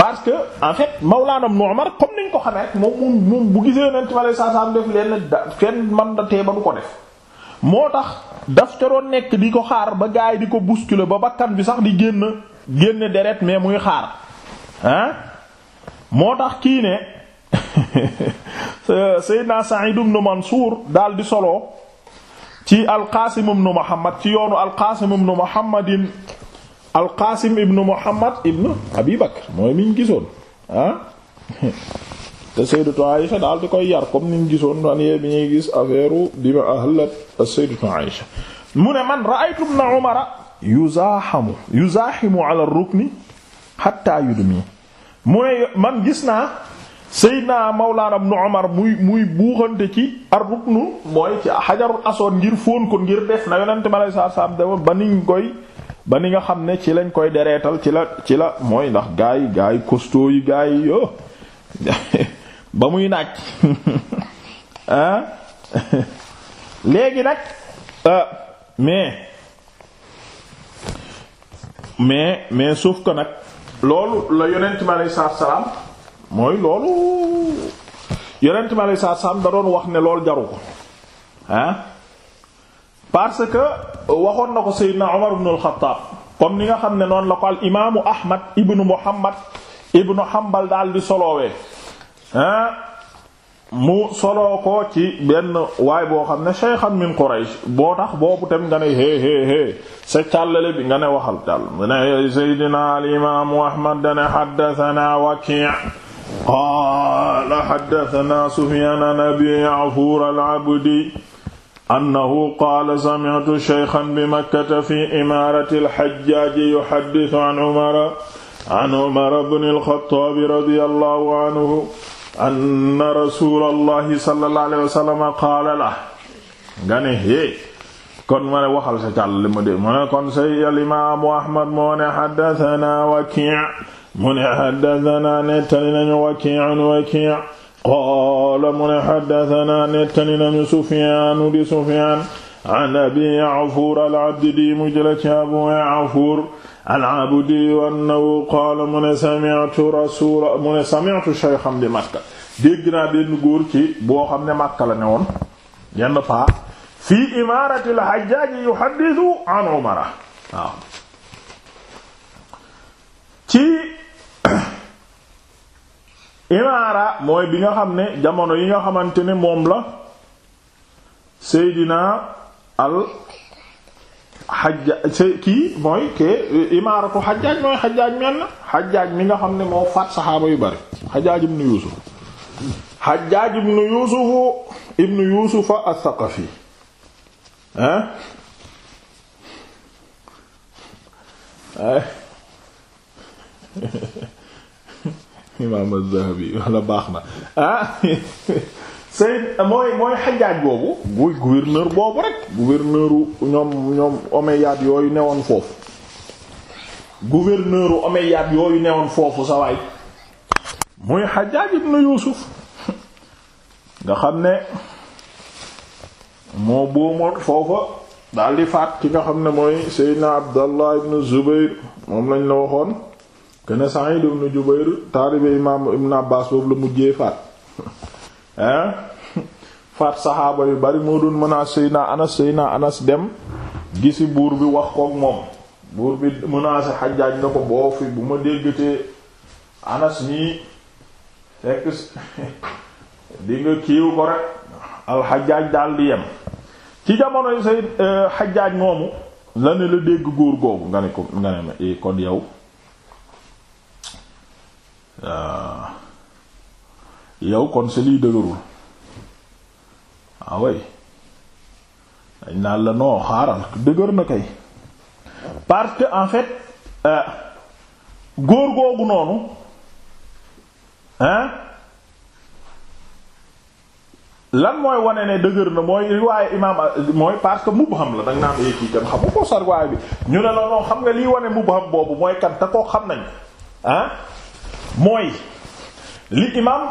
parce que en fait Mawlana Umar comme niñ ko xamee rek moom moom moom bu gisee yonent ma lay saasaam def leen da kenn man da tee ba du ko def moo tax daf ca doon nekk di ko xaar ba gaay di ko bousculer ba bakkan bi sax di génn génn deret mais muy xaar ah moo tax kii ne Seydina Sa'id ibn Mansour daal di solo ci Al-Qasim ibn Muhammad ci yoonu Al-Qasim ibn Muhammadin alqaasim ibnu muhammad ibnu abi mooy mi gisoon ah te sayyidatu Aïsha daal di koy yar comme ni gisoon daan yee bi ñuy gis affaire bima ahlat sayyidatu Aïsha mu ne man ra'aytu ibn umara yuzaahamu yuzaahimu ala rukni hatta yudmi mu ne man gis naa sayyidna mawlana ibn umar muy muy buuxante ci ar ruknu mooy ci xajarul asoon ngir fóon ko ngir def na yonente mi alayhi salaam ba niñ koy ba ni nga xam ne ci lañ koy dereetal ci la ci la mooy ndax gaa yi gaa yi gaay yoo ba muy naaj ah léegi nag euh, mais mais mais suuf ko nag loolu la yonent bi aleyhi salaam mooy loolu yonent bi aleyhi salaatu salaam da doon wax ne loolu jaru ko ah. parce que waxoon na ko Seydina Omar ibn al-Khattab ni nga xam ne noonu la ko al imaamu Ahmad ibnu Muhammad ibnu Hanbal daal di solowee mu soloo ko ci benn waay boo xam ne shaykhan min Quraysh boo tax boobu tam nga ne hee hee hee bi nga ne waxal daal ne al imaamu Ahmad dane haddathana Waki' qaala haddathana Sufyaan an Abi Ghafuur al-Abdi annahu qaala sami'tu shaykhan bi makkata fi imaarati al-hajjaaj yuhaddithu an umara an umara ibn al-khattaab radiyallahu anhu anna rasuulallahi sallallahu alayhi wa sallam qaala lahu nga ne hee kon ma ne waxal sa càll mu de mu ne kon say alimaamu ahmad moo ne haddathanaa wakii' mu ne haddathanaa nettali nañu wakii' wakii' qaala mu ne xaddatanaa nettani nañu sufiaanu di sufiaan an abi afuur alabdidi mu jëla ci abu afuur alabdi annahu qaala mu ne sami'tu rasuula mu ne sami'tu shaykhan bi makka dégg naa benn góor ci boo xam ne makka la ne woon yenn paa fii imaarati alhajjaaji yuhaddithu an umara waaw ci imaara mooy bi nga xam ne jamono yi nga xamante ne moom la seydina al xajjaaj kii mooy ke imaaratu xajjaaj mooy xajjaaj mel na xajjaaj mi nga xam ne moo faat saxaaba yu bari xajaaj ibnu yuusuf xajjaaj ibnu yuusufu ibnu yuusufa as-saqafi hein eh? imaam az-Zahabi wala baax na ah Seyd mooy mooy xajaaj boobu guy gouverneur boobu rek gouverneur u ñoom ñoom omeyyade yooyu newoon foofu gouverneur u omeyyade yooyu newoon foofu sa waay muy xajaaj ibn Yuusuf nga xam ne moo boomoot foofa daal di faat ki nga xam ne mooy Seydina Abdallah ibn Zubayr moom lañ la waxoon kene Sa'id ibn Jubayr taalibe imaam Ibn Abbas boobu la mujjee faat hein faat saxaaba yu bari moo doon mën a Seydina Anas Seydina Anas dem gisi buur bi wax kook moom buur bi menacé Hajjaaj na ko boo fi bu ma déggatee Anas nii fekk di kiiw ko rek al Hajjaaj daal di yem ci jamonoy say euh, Hajjaaj moomu la ne la dégg góor googu nga ne ko nga ne ma eh, yow Euh, yow kon sa liy dëgërul waaway ah dañ naan la noo xaaral dëgër na kay parce que en fait euh, góor googu noonu hein lan mooy wane ne dëgër na mooy riwaaye imaam mooy parce que mubham la danga naan eh, kii kan xamu ko sa riwaay bi ñu ne la non xam nga liy wane mubham boobu mooy kan te koo xam nañ ah mooy li imaam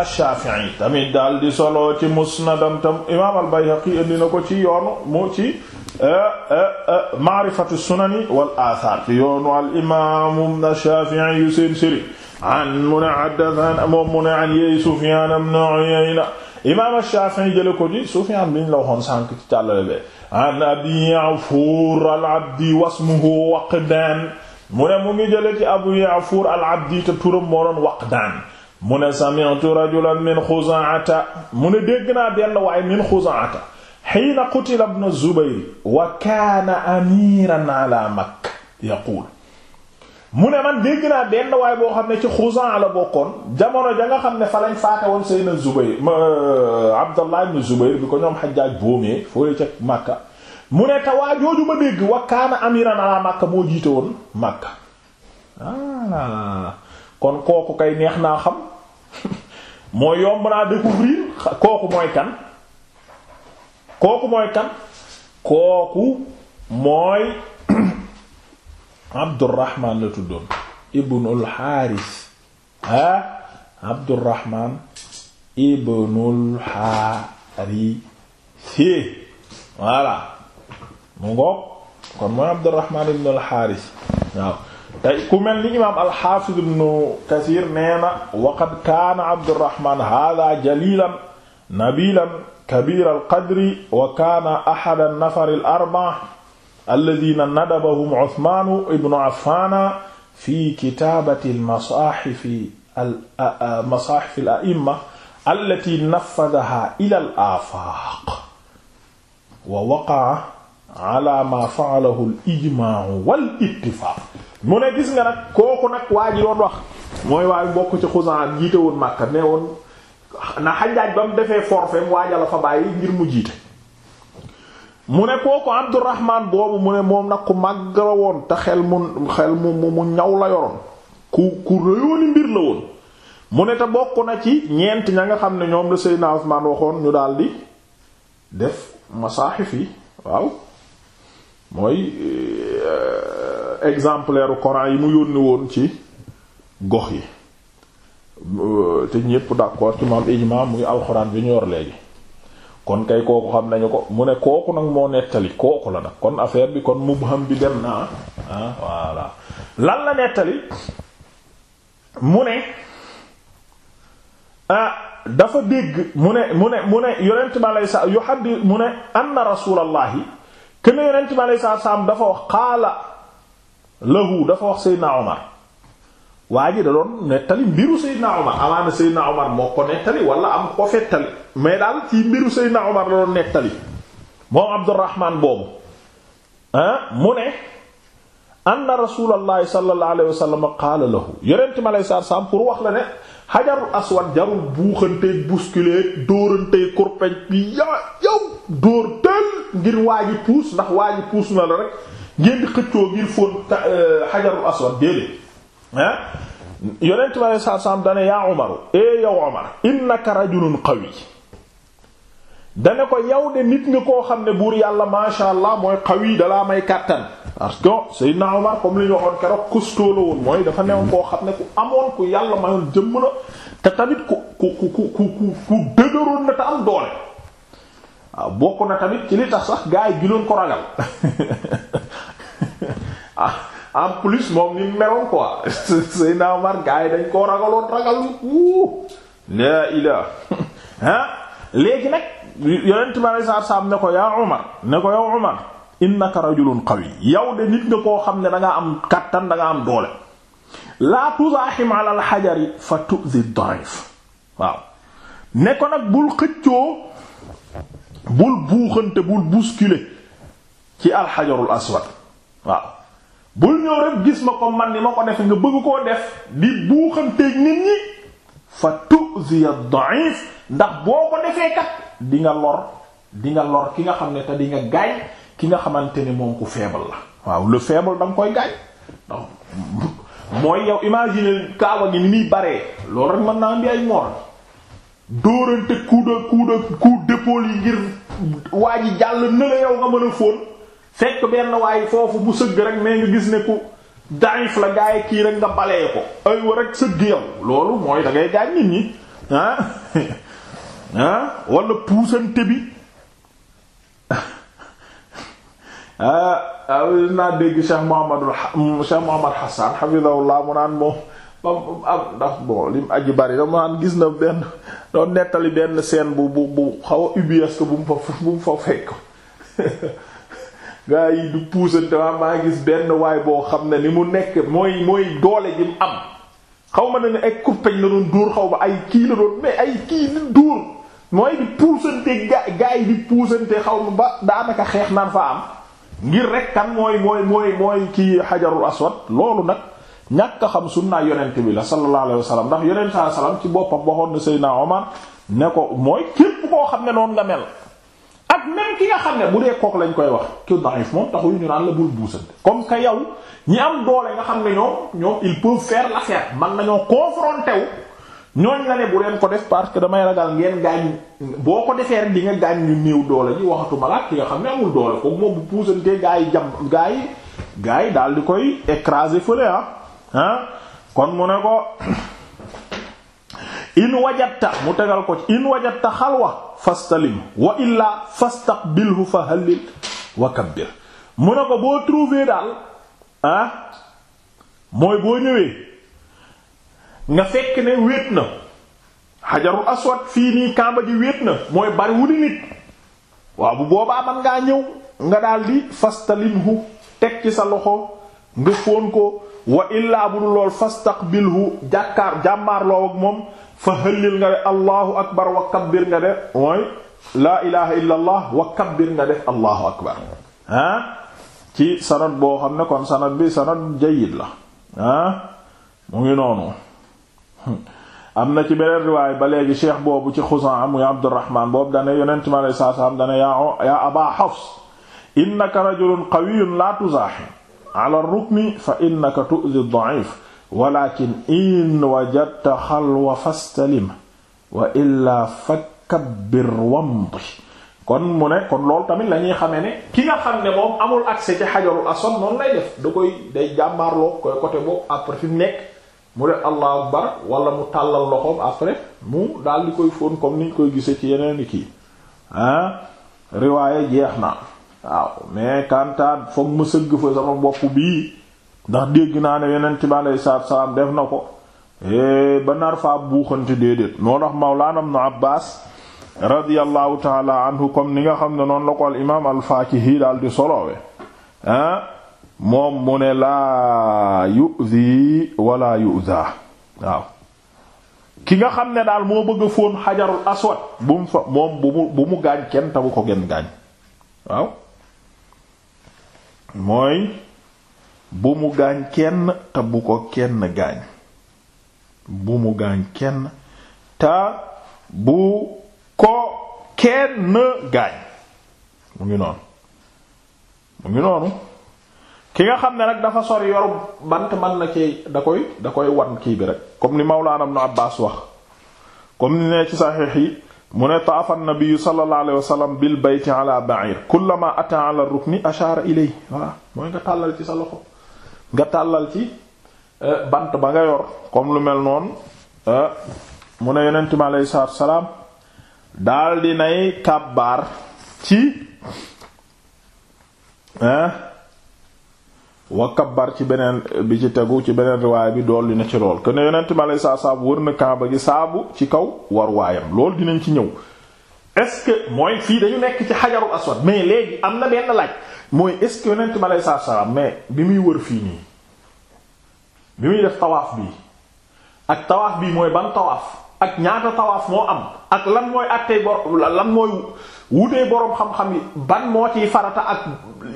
ash-Shafi'i tamit daal di solo ci musnadam tam imaam al-Bayhaqi indi na ko ci yoonu mu ci eh, eh, eh, ma'rifatu sunani wal athar ci yoonu al imaam ash-Shafi'i yu seen sëriñ an mu ne haddathana moom mu ne an yeey Sufyan ibn Uyayna imaam ash-Shafi'i jële ko ci Sufyan liñ la waxoon sànk ci càllale be an Abi Awfur al-Abdi wasmuhu Waqdan mu ne mu ngi jële ci abu yaafuur al abdi te turam moo doon waqdaan mu ne sami'tu rajulan min xuzaata mu ne dégg naa benn waaye min xuzaata xiina qutila ibn zubayr wa kaana amiran ala makka yaquul mu ne man dégg naa benn waaye boo xam ne ci xuzaa la bokkoon jamono ja nga xam ne fa lañ faate woon seydna zubayr abdallah ibn zubayr bi ko ñoom xajaaj boomee foo la ca makka mu ne te waa jooju ma dégg wa kaana amiran ala Makka moo jiite woon Makka ah. kon kooku kay neex naa xam mooy yomb naa découvrir kooku mooy kan kooku mooy kan kooku la tuddoon ibnul Haaris ah Abdurrahman ibnul Haaris voilà mu ngoog kon mooy Abdurrahman ibn al-Haris waaw tey ku mel ni imaam al-Hafiz ibn Kathir nee na waqad kaana Abdurrahman hadha jalilan nabilan kabira alqadri wa kaana ahad an-nafar al-arba'a alladhina nadabahum Uthman ibn Affan fi kitaabati al-masahif al-masahif al-a'imma allati naffadhaha ila al-afaq wa waqa'a ala ma fa'alahu al-ijmaa' wal ittifaaq mu ne gis nga nag kooku nag waa ji doon wax mooy waayu bokk ci xusaan jiite woon Makka ne woon na xajaaj ba mu defee forfait mu waajal fa bàyyi ngir mu jiite mu ne kooku Abdurrahman boobu mu ne moom nag ku màgg la woon te xel mu xel mu mu ñaw la yoroon ku ku rëyooni mbir la woon mu ne te bokk na ci ñeent ña nga xam ne ñoom la Seydina Usmaan waxoon ñu daldi def masaahif yi waaw mooy euh, exemplaire Coran yi mu yónni woon ci gox yi euh, te ñépp d'accord ci mu am ijma muy alxuraan bi ñu léegi kon kay kooku xam nañu ko mu ne kooku nag moo nettali kooku la nag kon affaire bi kon mubham bi dem na ah voilà lan nettali mu ne ah dafa dégg mu ne mu ne mu ne yonent ba lay sa yu xaddi mu ne anna rasulallahi kenn yonent bi aleyhi salaatu salaam dafa wax xaala lahu dafa wax Seydina Omar waa ji da doon nettali mbiru Seydina Omar amaana Seydina Omar moo ko nettali wala am ko fettali mais daal ci mbiru Seydina Omar la doon nettali moom Abdurrahman boobu mu ne anna Rasuulullahi sallallahu alayhi wa sallam qaala lahu yonent bi aleyhi salaatu salaam pour wax la ne xajarul aswad jarul buuxanteeg bousculer dóoranteeg kurpeñ bi yaa yow dóor tël ngir waa ji puus ndax waa ji puus na la rek ngeen di xëccoo ngir fóon xajarul euh, aswad déedéet ah yonent bi sallallahu alayhi wasallam dana yaa Umar eh yow Umar innaka rajulun qawi dana ko yow de nit nga koo xam ne buur yàlla masha allah mooy xawi dalaa may kàttan parce que Seydina Omar comme li ñu waxoon keroog costaud la woon mooy dafa new koo xam ne ku amoon ku yàlla mayoon jëmm na te tamit ku ku ku ku ku ku dëgëroon na te am doole bokk na tamit ci li tax sax gaa yi ginoon ko ragal ah, en plus moom ni meroon quoi Seydina Omar gaa yi dañ koo ragaloon ragal wu laa ilaa ah léegi nag yonent bi aleyhi salaatu salaam ne ko yaa Umar ne ko yow Umar innaka rajulun qawi yow de nit nga koo xam ne dangaa am kattan da am doole laa tuzahim ala al-hajari fa tu'zi nag bul xëccoo bul buuxante bul ci al-hajarul aswad waaw bul ñëw rek gis ma ko man ni ma ko defee nga bëgg koo def di buuxanteeg nit ñi fa tu'zi ad-da'if ndax boo ko defee kat di nga lor di lor ki nga xam ne te di nga gaañ ki nga xamante ni moom ku faible la waaw le faible da koy gaañ donc mooy yow imagine kaawa gi ni muy baree loolu rek mën naa am bi ay mor dóorante coup de coup de coup d'épaule yi ngir waa ji jàll na la yow nga mën a fóon fekk benn waaye foofu bu sëgg rek mais nga gis ne ku daif la gaa yi kii rek nga balee ko ay wa rek sëgg yow loolu mooy da gaañ nit ñi ah ah wala puusante bi ah, ah naa dégg Cheikh Mouhamadou mm, Cheikh Mouhamad Hassan hafizahullah mu naan moom moom am ah, ndax bon lim aji bari da mu gis na benn doon nettali benn seen bu bu bu xaw a ubuesque bu mu fa fekk gaa yi du puusante maa gis benn waay boo xam ne ni mu nekk mooy mooy doole ji mu am xaw ma ne ne ay kurpeñ la doon dóor xaw ma ay kii la doon mais ay kii la dóor. mooy di puusante ga gaa yi di puusante xaw ma ba daanaka xeex naan fa am ngir rek kan mooy mooy mooy mooy kii xajarul aswad loolu nag ñàkk xam xam naa yonent bi la sallallahu alayhi wa sallam ndax yonent sallallahu alayhi wa sallam ci boppam waxoon na Seydina Omar ne ko mooy képp koo xam ne noonu nga mel ak même ki nga xam ne bu dee kook lañ koy wax ki daif moom taxu ñu naan la bul buusante comme que yow ñi am doole nga xam ne ñoom ñoom ils peuvent faire l'affaire man nañoo confronter wu ñooñ la ne bu leen ko def parce que damay ragal ngeen gaañ boo ko defee rek di nga gaañ ñu néew doole ji waxatu malaat ki nga xam ne amul doole kooku moom bu puusantee gaa jam gaa yi daal di koy écraser fële ah ah kon mu ne ko in wajatta mu tegal ko ci in wajatta xalwa fastalim wa illaa fastaqbilhu fa hallil wa kabbir mu ne ko boo trouver daal ah, mooy boo ñëwee nga fekk ne wéet na xajarul aswad fii nii kàmba gi wéet na mooy bari wu di nit waaw bu boobaa man ngaa ñëw nga daldi fastalimhu teg ci sa loxo nga ko wa illaa bu du lool fastaqbilhu jàkkaar jàmmaarloo ak moom fa hëllil nga def allahu akbar wa kabbir nga def mooy laa ilaha illa allah wa kabbir nga def allahu akbar ah ci sanad boo xam ne kon sanad bi sanad jayyid la ah mu ngi noonu am na ci beneen riwaay ba léegi cheikh boobu ci Xuzaa muy Abdurrahman boobu dane yonent mi alayhi salaatu salaam dane yaa Aba Hafs innaka rajulun qawiyyun laa tuzaahi ala rukni fa innaka tu'zi ad-da'if walakin in wajadta xalwa fastalim wa illaa fakabbir wamdi kon mu ne kon loolu tamit lañuy ñuy ne ki nga xam ne moom amul accès ci xajarul aswad noonu lay def da koy day jàmbaarloo koy côté boobu après fi mu nekk mu def allahu akbar wala mu tàllal loxoom après mu daal di koy fóon comme niñ koy gisee ci yeneen di kii ah riwaaye jeex na waaw mais kantaan foog mu sëgg fa sama bopp bii ndax dégg naa ne weneen bi aleyi salaatu salaam def na ko eh, ba nar faa buuxante déedéet moo tax mawlaana ibnu Abbaas radiyallahu taala anhu comme ni nga xam ne noonu la ko al imaam al Faakihi daal di soloowe moom mu ne laa yu'zi wala yu'za waaw ki nga xam ne daal moo bëgg a fóon xajarul aswad bu mu fa moom ko gën gaañ waaw bu mu gaañ kenn te bu ko kenn gaañ bu mu gaañ kenn te bu ko kenn gaañ mu ngi noonu mu ngi noonu ki nga xam ne nag dafa sor yoru bant mën na ci da koy da koy wan kii bi rek comme ni Mawlaana Ibn Abbaas wax comme ni nee ci saxiix yi mu ne taafa nabiyu sallallahu alayhi wa sallam bil bayti ala ba'ir kullama ata ala mooy nga tàllal ci sa loxo nga tàllal ci euh, bant ba nga yor comme lu mel noonu euh, mu ne yonent mi alayhi salaatu salaam daal di nay ci ah wa bar ci beneen bi ci tegu ci beneen riwaay bi dolli na ci lool kon yonent mi aleyhi salaatu salaam wër na kaaba gi saabu ci kaw war waayam loolu dinañ ci ñëw est mooy fii dañu nekk ci xajaru aswad mais léegi am na benn laaj mooy est-ce que yonent mi aleyhi salaatu mais bi muy wër fii nii bi muy def tawaaf bi ak tawaaf bii mooy ban tawaaf ak ñaata tawaaf moo am ak lan mooy attey bor lan mooy wutee boroom xam-xam yi ban moo ciy farata ak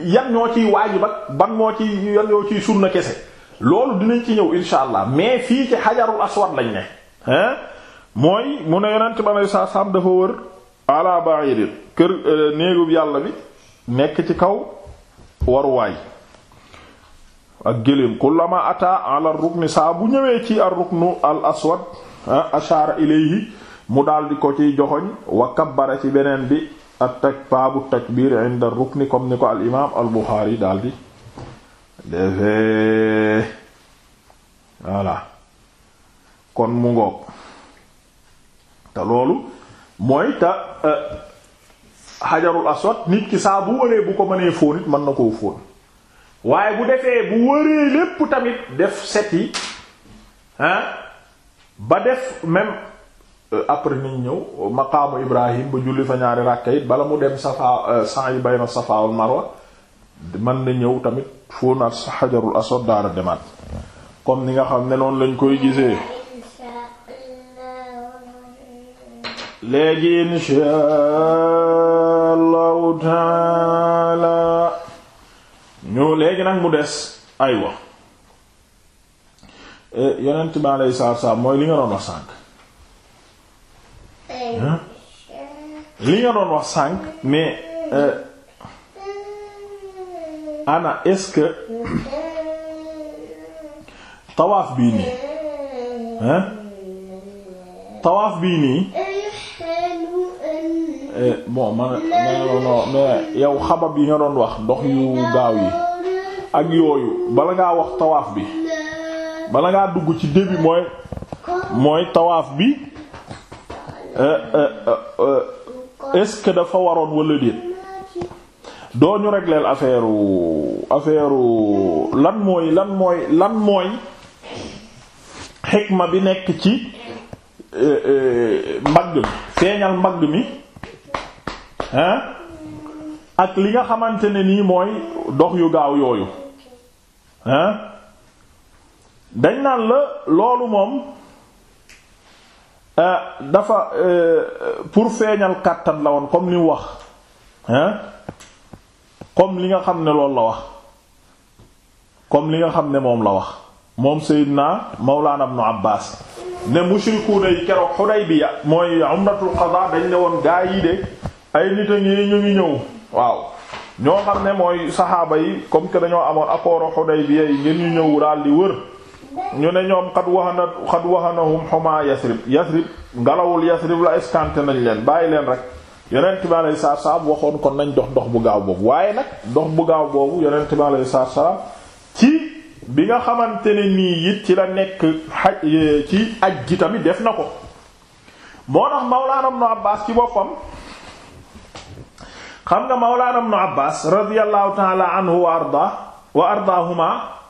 yan ñoo ciy waajib ba ban moo ci yan ñoo ciy sunna kese loolu dinañ ci ñëw insha allah mais fii ci xajarul aswad lañ ne hein mooy mu ne yonent ba nay saa saam dafa wër ala ba'irin kër euh, néegub yàlla bi nekk ci kaw waruwaay ak géléem kullama ata ala rukni saa bu ñëwee ci ar ruknu al aswad ashara ilayhi mu daal ko ci joxoñ wa kabbara ci beneen bi ak taj baabu takbir inda rukni comme ni ko al imaam al buxaari daal di defee voilà kon mu ngoog te loolu mooy te xajarul eh, aswad nit ki saa bu wëree bu ko mënee fóon mën na koo fóon waaye bu defee bu wëree lépp tamit def set yi ba def même euh, après niñ ñëw maqaamu Ibrahim ba julli fa ñaari ràkka it bala mu dem safa euh, sa'i bayna safa wal marwa man na ñëw tamit fóonaat sa xajarul aswad daara demaat comme ni nga xam ne noonu lañ koy gisee léegi inshaa allahu taala ñu léegi nag mu des aywa Eh, yonent bi alayhi salaatu salaam mooy li nga doon wax sànq. Eh, li nga wax sànq mais eh, ana est-ce que tawaaf bii nii hein tawaaf bii nii bon man non mais yow xabab yi nga doon wax dox yu gaaw yi ak yooyu bala ngaa wax tawaaf bi. bala ngaa dugg ci début mooy mooy tawaaf bi euh, euh, euh, est-ce que dafa waroon wala déet doo ñu régler affaire affaire lan mooy lan mooy lan mooy xikma bi nekk ci mbagg mi feeñal mbagg mi ak li nga xamante ne nii mooy dox yu gaaw yooyu hein dañ naan la loolu moom euh, dafa euh, pour feeñal kàttan la woon comme li wax comme li nga xam ne loolu la wax comme li nga xam ne moom la wax moom Seydina Mawlana Ibn Abbas ne mushrikuuna yi keroog Xudaybiya mooy umratul qadaa dañ ne woon gaa yii de ay nit a ngi ñu ngi ñëw waaw ñoo xam ne mooy saxaaba yi comme que dañoo amoon accord Xudaybiya yi ngeen ñu ñëw daal di wër ñu ne ñoom xat waxana xat waxanahum xuma yasrib yasrib ngalawul yasrib la escanté nañ leen bàyyi leen rek yonent bi alayhi salaatu salaam waxoon kon nañ dox dox bu gaaw boobu waaye nag dox bu gaaw boobu yonent bi alayhi sa salaam ci bi nga xamante ne nii it ci la nekk xaj ci aj gi tamit def na ko moo tax Mawlaana Ibnu Abbaas ci boppam xam nga Mawlaana Ibnu Abbaas radiyallahu ta'ala anhu wa arda wa ardaahuma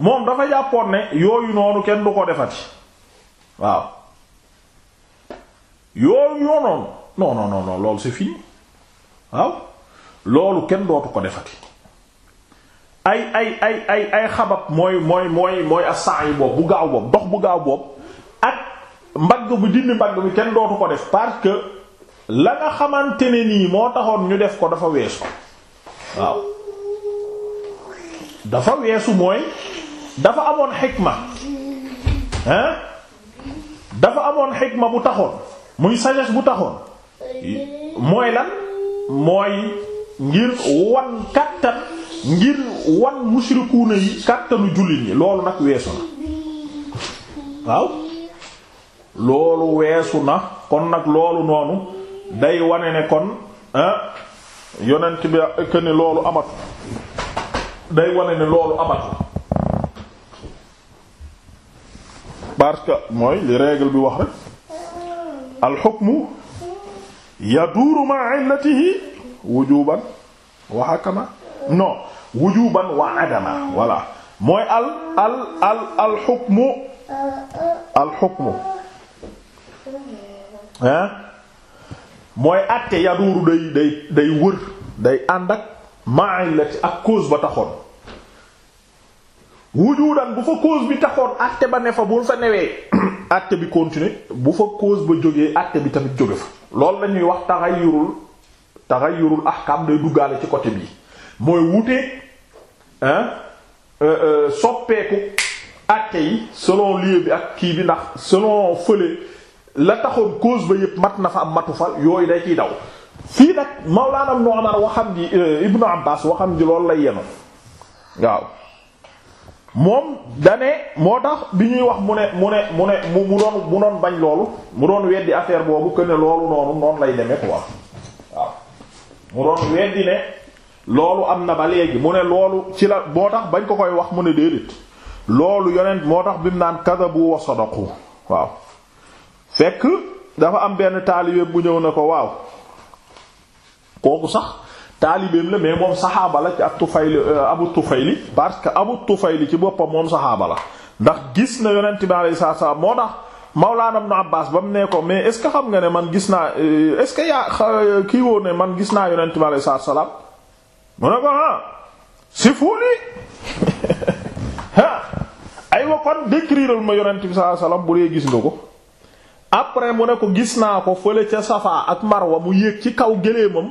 moom dafa jàppoon ne yooyu noonu kenn du ko defati waaw yooyu noonu non non non loolu c'est fini waaw loolu kenn dootu ko defati ay ay ay ay ay xabab mooy mooy mooy mooy assay boobu bu gaaw boobu dox bu gaaw boobu ak mbagg bu dindi mbagg bi kenn dootu ko def parce que la nga xamante ne nii moo taxoon ñu def ko dafa weesu waaw dafa weesu mooy. dafa amoon xikma hein dafa amoon xikma bu taxoon muy sagesse bu taxoon mooy la mooy ngir wan kàttan ngir wan mushrikuuna yi kàttanu jullit ñi loolu nag weesu na waaw loolu weesu na kon nag loolu noonu day wane ne kon yonent bi que ne loolu amatu day wane ne loolu amatu parce que mooy li règle bi wax rek al hukmu yaduuru ma'a illatihi wujuban wa hakama wujuban wa adama mooy al al al al hukmu al hukmu mooy àtte yaduuru day day day wër day ànd ak ma'a illati ak cause ba taxoon wujudan bu fa cause bi taxoon acte ba ne fa bu fa newee acte bi continuer bu fa cause ba jógee acte bi tamit jóge fa loolu lañuy wax taxayurul taxayurul ahkam day duggaale ci côté bii mooy wuute euh, euh, soppeeku acte yi selon lieu bi ak kii bi ndax selon fële la taxoon cause ba yëpp mat na fa am matu fa yooyu day ciy daw fii nag Mawlana Ibnu Umar waxam ji euh, Ibnu Abbas waxam ji loolu lay yeno waaw moom dane moo tax bi ñuy wax mu ne mu ne mu ne mu doon bañ loolu mu doon weddi affaire boobu que ne loolu noonu noonu lay demee quoi waaw mu doon weddi ne loolu am na ba léegi mu ne loolu ci la moo tax bañ ko koy wax mu ne déedéet loolu yonent moo tax bi mu naan kadabu wa sadaqu waaw fekk dafa am benn taalibe bu ñëw na ko waaw kooku sax taalibeem la mais moom saxaaba la ci ab tufayli euh, abu tufayli parce que abu tufayli ci boppam moom saxaaba la ndax gis na yonent bi alayhi salaatu salaam moo tax Mawlaana Ibn Abbaas ba mu ne ko mais est ce que xam nga ne man gis naa euh, est ce que yaa euh, man gis naa yonent bi alayhi salaatu salaam mu ne ko ah, ah kon décriral ma yonent bi salaatu salaam bu dee gis nga ko. après mu ne ko gis naa ko fële ca Safa ak Marwa mu yéeg ci kaw gëléemam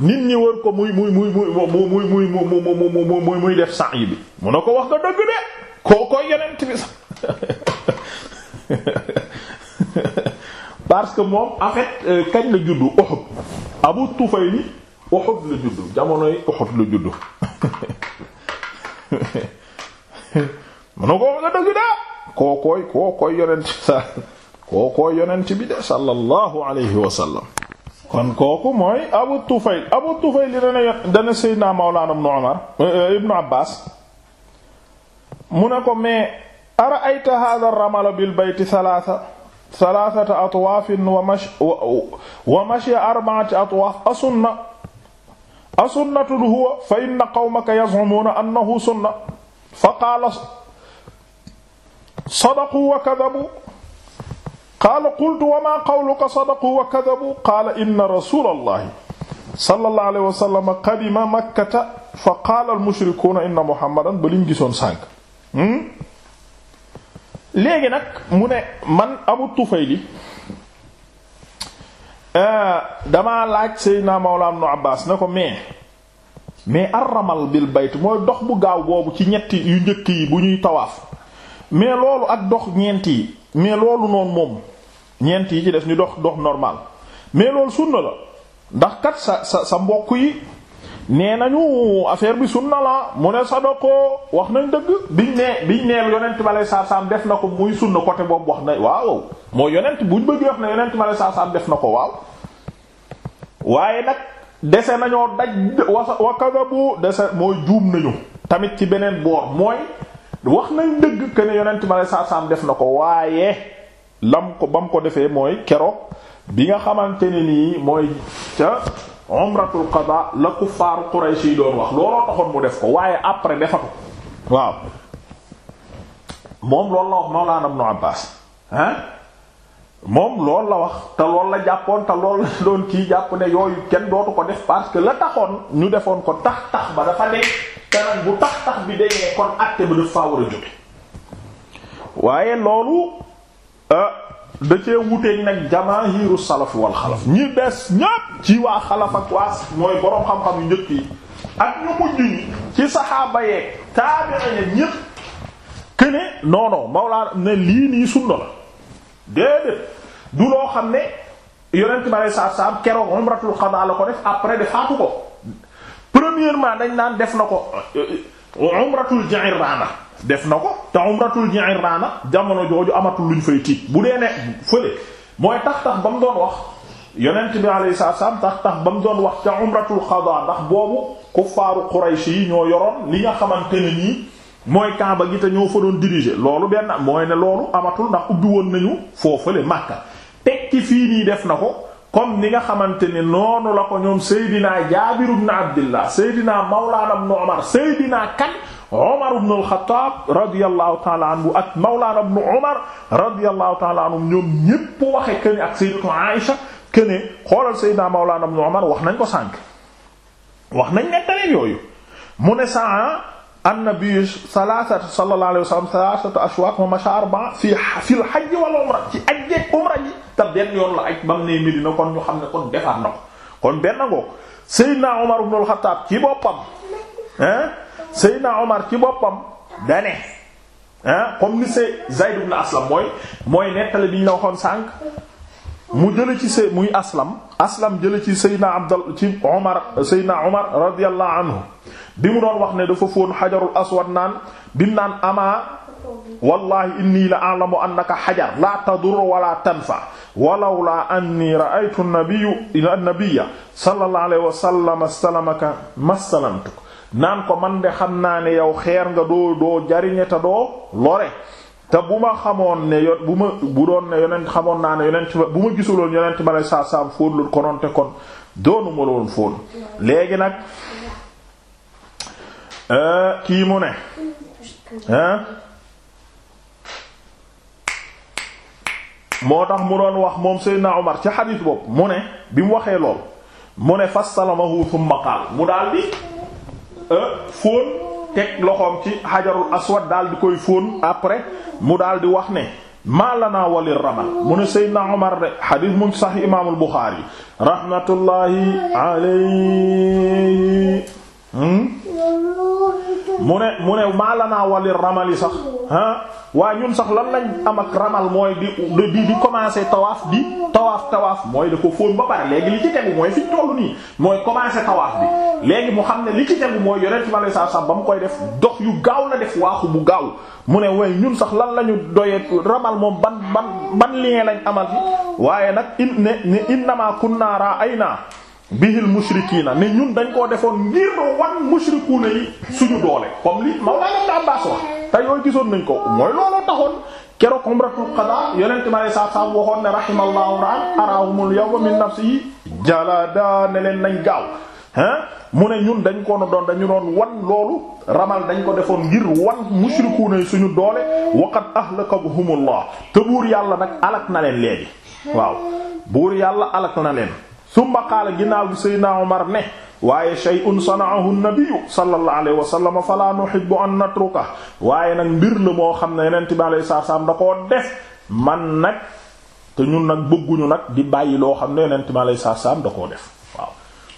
nit ñi wër ko muy muy muy muy muy muy muy muy muy def sànq yi bi mun na ko wax nga dëgg de koo koy yeneen bi sax parce que moom en fait kañ la juddu Uhud Abu Tufayli Uhud la juddu jamonoy Uhud la juddu mun na ko wax nga dëgg de koo koy koo koy yeneen sa koo koy yeneen bi de sallallahu alayhi wa sallam kon kooku mooy Abu Tufayl Abu Tufayl li dana yot dana Seydina Mawlana ibn Umar eh, ibn Abbas mu ne ko mais ara'ayta hadha ar-ramala bil bayti thalatha thalathata atwaafin wa mash wa mashi arba'ati atwaaf asunna asunnatun huwa fa inna qawmaka yaz'umuna annahu sunna fa qaala sadaqu wa kadhabu qaala qultu wa maa qawluka sadaqu wa kadabu qaala inna rasulallahi sallallahu alayhi wa sallam fa qaala almushrikuuna inna muhammadan ba gisoon sànq. Hmm? léegi nag mu ne man Abu Tufayli euh, damaa laaj Seydina Mawla Ibn Abbaas ne ko mais mais arramal bil bayt mooy dox bu gaaw boobu ci ñetti yu njëkk yi bu ñuy tawaaf mais loolu ak dox ñeent yi mais loolu noonu moom ñeent yi ci def ñu dox dox normal mais lool sunna la ndax kat sa sa sa mbokk yi nee nañu affaire bi sunna la mu ne sadako wax nañ dëgg biñ nee biñ nee yonent bi aleyhi salaatu def na ko muy sunna côté boobu wax na waaw moo yonent buñ bëgg wax ne yonent bi aleyhi salaatu na ko waaw waaye nag dese nañoo daj wakadabu dese mooy juum nañu tamit ci beneen boor mooy wax nañ dëgg que ne yonent bi aleyhi salaatu def na ko waaye lam ko ba mu ko defee mooy keroog bi nga xamante ne nii mooy ca umratul qada la kuffaaru Quraysh yi doon wax looloo taxoon mu def ko waaye après defatu waaw moom loolu la wax Mawlana Ibn Abbas ah moom loolu la wax te lool la jàppoon te loolu la doon kii jàpp ne yooyu kenn dootu ko def parce que la taxoon ñu defoon ko tax tax ba dafa nekk te nag bu tax tax bi dañee kon acte ba dafa faa war a jóge waaye loolu Ah, da cee wuteeg nag jamaahiru salaf wal xalaf ñi des ñépp ci waa xalaf ak waa mooy boroom xam-xam njëkk yi ak ñu mujj ñi ci saxaaba yeeg taabi'in ñépp que ne non non Maola ne lii nii sunna la déedéet du loo xam ne yonent bi alayhi salaatu salaam keroog umratul qadaa la ko def après de faatu ko premièrement dañ naan def na ko euh, euh, umratul Ji'irraana def na ko te umratul Ji'irraana jamono jooju amatul luñ fay tiit bu dee ne fële mooy tax tax ba mu doon wax yonent bi alayhi salaam tax tax ba mu doon wax ca umratul qadaa ndax boobu kuffaaru Quraysh yi ñoo yoroon li nga xamante ne nii mooy Kaaba gi te ñoo fa doon diriger loolu benn mooy ne loolu amatul ndax ubbi woon nañu foofale Makka tekki fii nii def na ko comme ni nga xamante ne noonu la ko ñoom Seydina Jaabir ibn Abdillah Seydina Mawlaana ibn Omar ibn al-Khattab radiyallahu ta'ala anhu ak Mawlana ibn Omar radiyallahu ta'ala anhu ñoom ñépp waxe que ne ak Sayyidatu Aïcha que ne xoolal Sayyidina Mawlana ibn Omar wax nañ ko sànq wax nañ nettaleen yooyu mu ne saa annabi salaasatu sallallahu alayhi wa sallam salaasatu ashwaaq wa masha arba'a fi fil hajj wal umra ci ajjeeg umra ji te benn yoon la aj bam ne Medina kon ñu xam ne kon defaat na ko kon benn ngoo Sayyidina Omar ibn al-Khattab ci boppam hein Seydina ci boppam dane ah comme Aslam mooy nettali bi ñu la waxoon sànq mu jële ci see muy Aslam Aslam jële ci Seydina Abdal ci Omar Seydina Omar radiyallahu bi mu doon wax ne dafa fóon xajarul aswad naan bi naan amaa wallahi inni la a'lamu annaka xajar la tadur wala tanfa walawla anni ra'aytu an-nabiyya sallallahu alayhi wa sallam astalamaka naan ko man de xam naa ne yow xeer nga doo doo jariñe te doo lore te bu ma xamoon ne yo bu ma bu doon ne yonent xamoon naa ne yonent bu ma gisuloon yonent ma lay saa saam fóot lu kononte kon doonu ma loon fóot léegi nag euh, kii mu ne moo tax mu doon wax moom Seydina Omar ci xadiis boobu mu ne bi mu waxee lool mu ne fastalamahu thumma qaal mu daldi Euh, fóon teg loxoom ci xajarul aswad daal di koy fóon après mu daal di wax ne maalanaa walir ramal mu ne Seydina Omar de xadis mu sax imaamul Buxaari rahmatullahi alayhi hmm? mu ne mu ne maalanaa ramal yi sax ah waaye ñun sax lan lañ am ak ramal mooy di di di commencer tawaaf bi tawaaf tawaaf mooy da ko fóon ba pare léegi li ci tegu mooy fi ñu tollu nii mooy commencer tawaaf bi léegi mu xam ne li ci tegu mooy yonent bi alei satu salam ba mu koy def dox yu gaaw la def waaxu bu gaaw mu ne way ñun sax lan lañu doyee ramal moom ban ban ban lien lañ amal fi waaye nag in ne ne innamaa kunnaa ra'aynaa bihil mushrikiina ne ñun dañ koo defoon ngir wan mushrikuuna yi suñu doole comme li Mawlana Ibn Abbaas wax te yooyu gisoon nañ ko mooy looloo taxoon keroog umratul qadaa yonent ma saa saa waxoon ne rahimallahu ra'an araahumul yawma min nafsihi jalada ne leen nañ gaaw ah mu ne ñun dañ ko doon dañu doon wan loolu ramal dañ ko defoon ngir wan mushrikuuna yi suñu doole waqad ahlakahumullah te buur yàlla nag alak na leen léegi waaw buur yàlla alak na leen. summa ginnaaw gi saydna Umar ne waaye shay'un sana'ahu an-nabiyyu sallallahu alayhi wa sallam fala nuhibbu waaye nag mbir la moo xam ne yonent bi alayhi salaam da ko def man nag te ñun nag bëgguñu nag di bàyyi loo xam ne yonent bi alayhi salaam da koo def waaw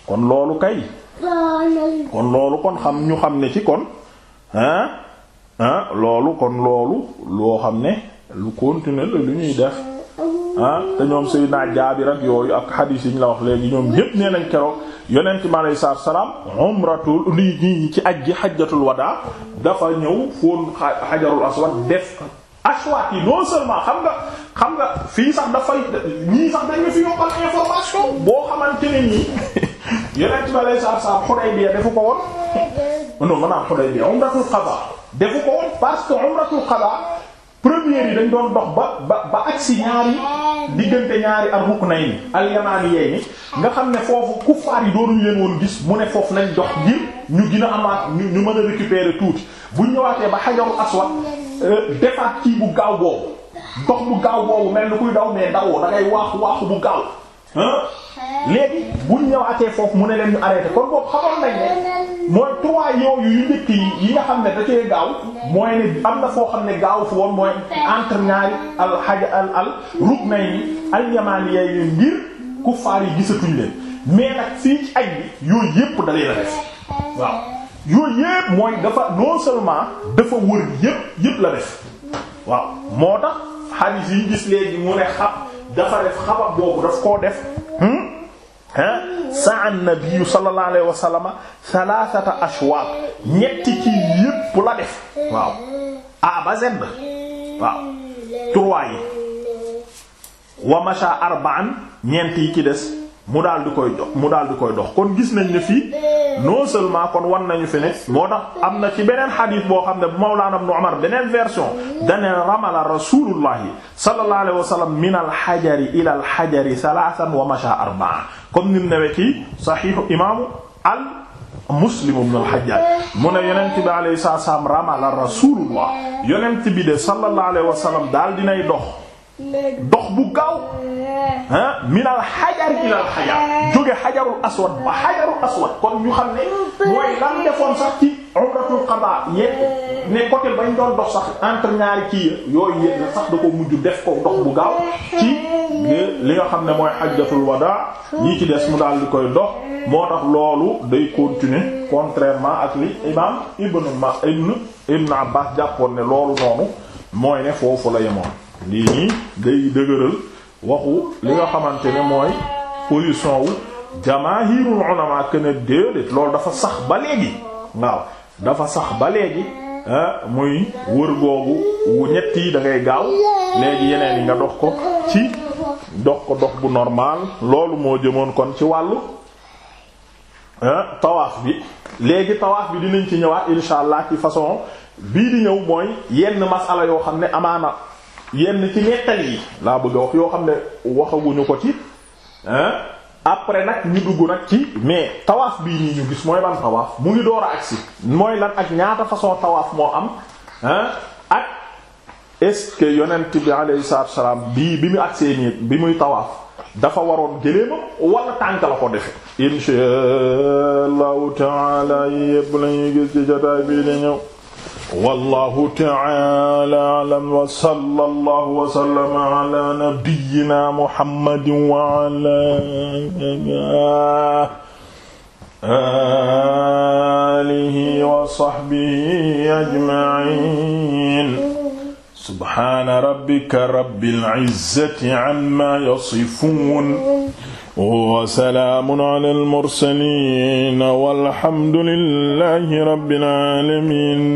kon loolu kay kon loolu kon xam ñu xam ne ci kon loolu kon loolu loo xam ne lu continuer la lu ñuy def ah te ñoom Seydina Jaabir ak yooyu ak xadiis yi ñu la wax léegi ñoom ñépp nee nañ keroog yonent mi alayhi salaatu salaam umratul lii ñi ci ajji xajjatul wadaa dafa ñëw foon xajarul aswad def aswaat yi non seulement xam nga xam nga fii sax dafay ñii sax dañu fi yokkal information boo xamante ne nii yonent mi alayhi salaatu salaam Xudaybiya defu ko woon non maanaam Xudaybiya umratul defu ko parce que umratul qadaa première yi dañ doon dox ba ba ba agsi ñaari diggante ñaari al ruknayni al yamaani yeey ni nga xam ne foofu kuffaar yi doonuñu leen woon gis mu ne foofu nañ dox ngir ñu gën a amaat ñu mën a récupérer tuuti bu ñëwaatee ba xajarul aswad euh, defaat kii bu gaaw boobu dox bu gaaw boobu mel ni kuy daw mais dawoo da ngay waaxu waaxu bu gaaw léegi buñ ñëwaatee foofu mu ne leen ñu arrêté kon boobu xamoon nañ ne mooy trois yooyu yu njëkk yi nga xam ne da cee gaaw mooy ne am na foo xam ne gaaw fu woon mooy entre al xaja al al ruknayni al yamaniya yi ngir kuffaar yi gisatuñ leen mais nag fii ci aj bi yooyu yépp da leen def waaw yooyu yépp mooy dafa non dafa wër yépp yépp la def waaw moo tax hadith yi gis léegi mu ne xam. dafa def xabab boobu daf koo def ah saa nabiyu sallallahu alayhi wa sallama thalathata ashwaaq ñetti ci yépp la def waaw a ba z waaw trois yi wa masha arba'an ñeent yi ci des mu daal di koy mu daal di koy dox kon gis nañ ne fii non seulement kon wan nañu fi ne moo tax am na ci beneen xadiis boo xam ne bu Mawlaana Ibnu Umar beneen version dane ramala rasulullahi sallallahu alayhi wa sallam min alxajari ila alxajari salaasan wa masha arbaa comme nim newe ci saxiixu imaamu al muslim ibn al-Hajjaj mu ne yonent bi alayhi salaam ramala rasulullah yonent bi de sallallahu alayhi wa sallam daal dinay dox dox bu gaaw ah minal xajar ilal xajar eh. jóge xajarul aswad ba xajarul eh. aswad kon ñu xam ne mooy lan defoon sax ci umratul qada yépp ne côté bañ dox sax entre ñaari kii yooyu yépp la sax da ko mujj def ko dox bu gaaw ci li nga xam ne mooy xajjatul wadaa yi ci des mu daal di koy dox moo tax loolu day continue contrairement ak li imam ibn ma ibn ibn abbas jàppoon ne loolu noonu mooy ne foofu la yemoon lii nii day dëgëral waxu li nga xamante ne mooy position wu jamaahirul ulama këne déedéet loolu dafa sax ba léegi waaw dafa sax ba léegi ah, muy wër googu wu ñett yi da gaaw léegi yeneen yi nga dox ko ci dox ko dox bu normal loolu moo jëmoon kon ci wàllu ah, tawaaf bi léegi tawaaf bi dinañ ci ñëwaat insha ci façon bii di ñëw mooy yenn masala yoo xam ne amaana yenn ci nettal yi laa bëgg a yoo xam ne waxaguñu ko ci après nag ñu dugg nag ci mais tawaaf bii nii ñu gis mooy ban tawaaf mu ngi door a agsi mooy lan ak ñaata façon tawaaf moo am ak est-ce que yonent bi bii bi mu agsee nii bi muy tawaaf dafa waroon gëléemam wala tànk la ko defe insha allahu taala yépp lañuy gis ci jotaay bii di ñëw wallahu ta'ala a'lam wa sallallahu wa sallama ala nabiyyina muhammadin wa ala alihi wa sahbihi ajma'in subhana rabbika rabbil izzati amma yasifun wa salaamun alal mursaliin walhamdu lillahi rabbil aalamiin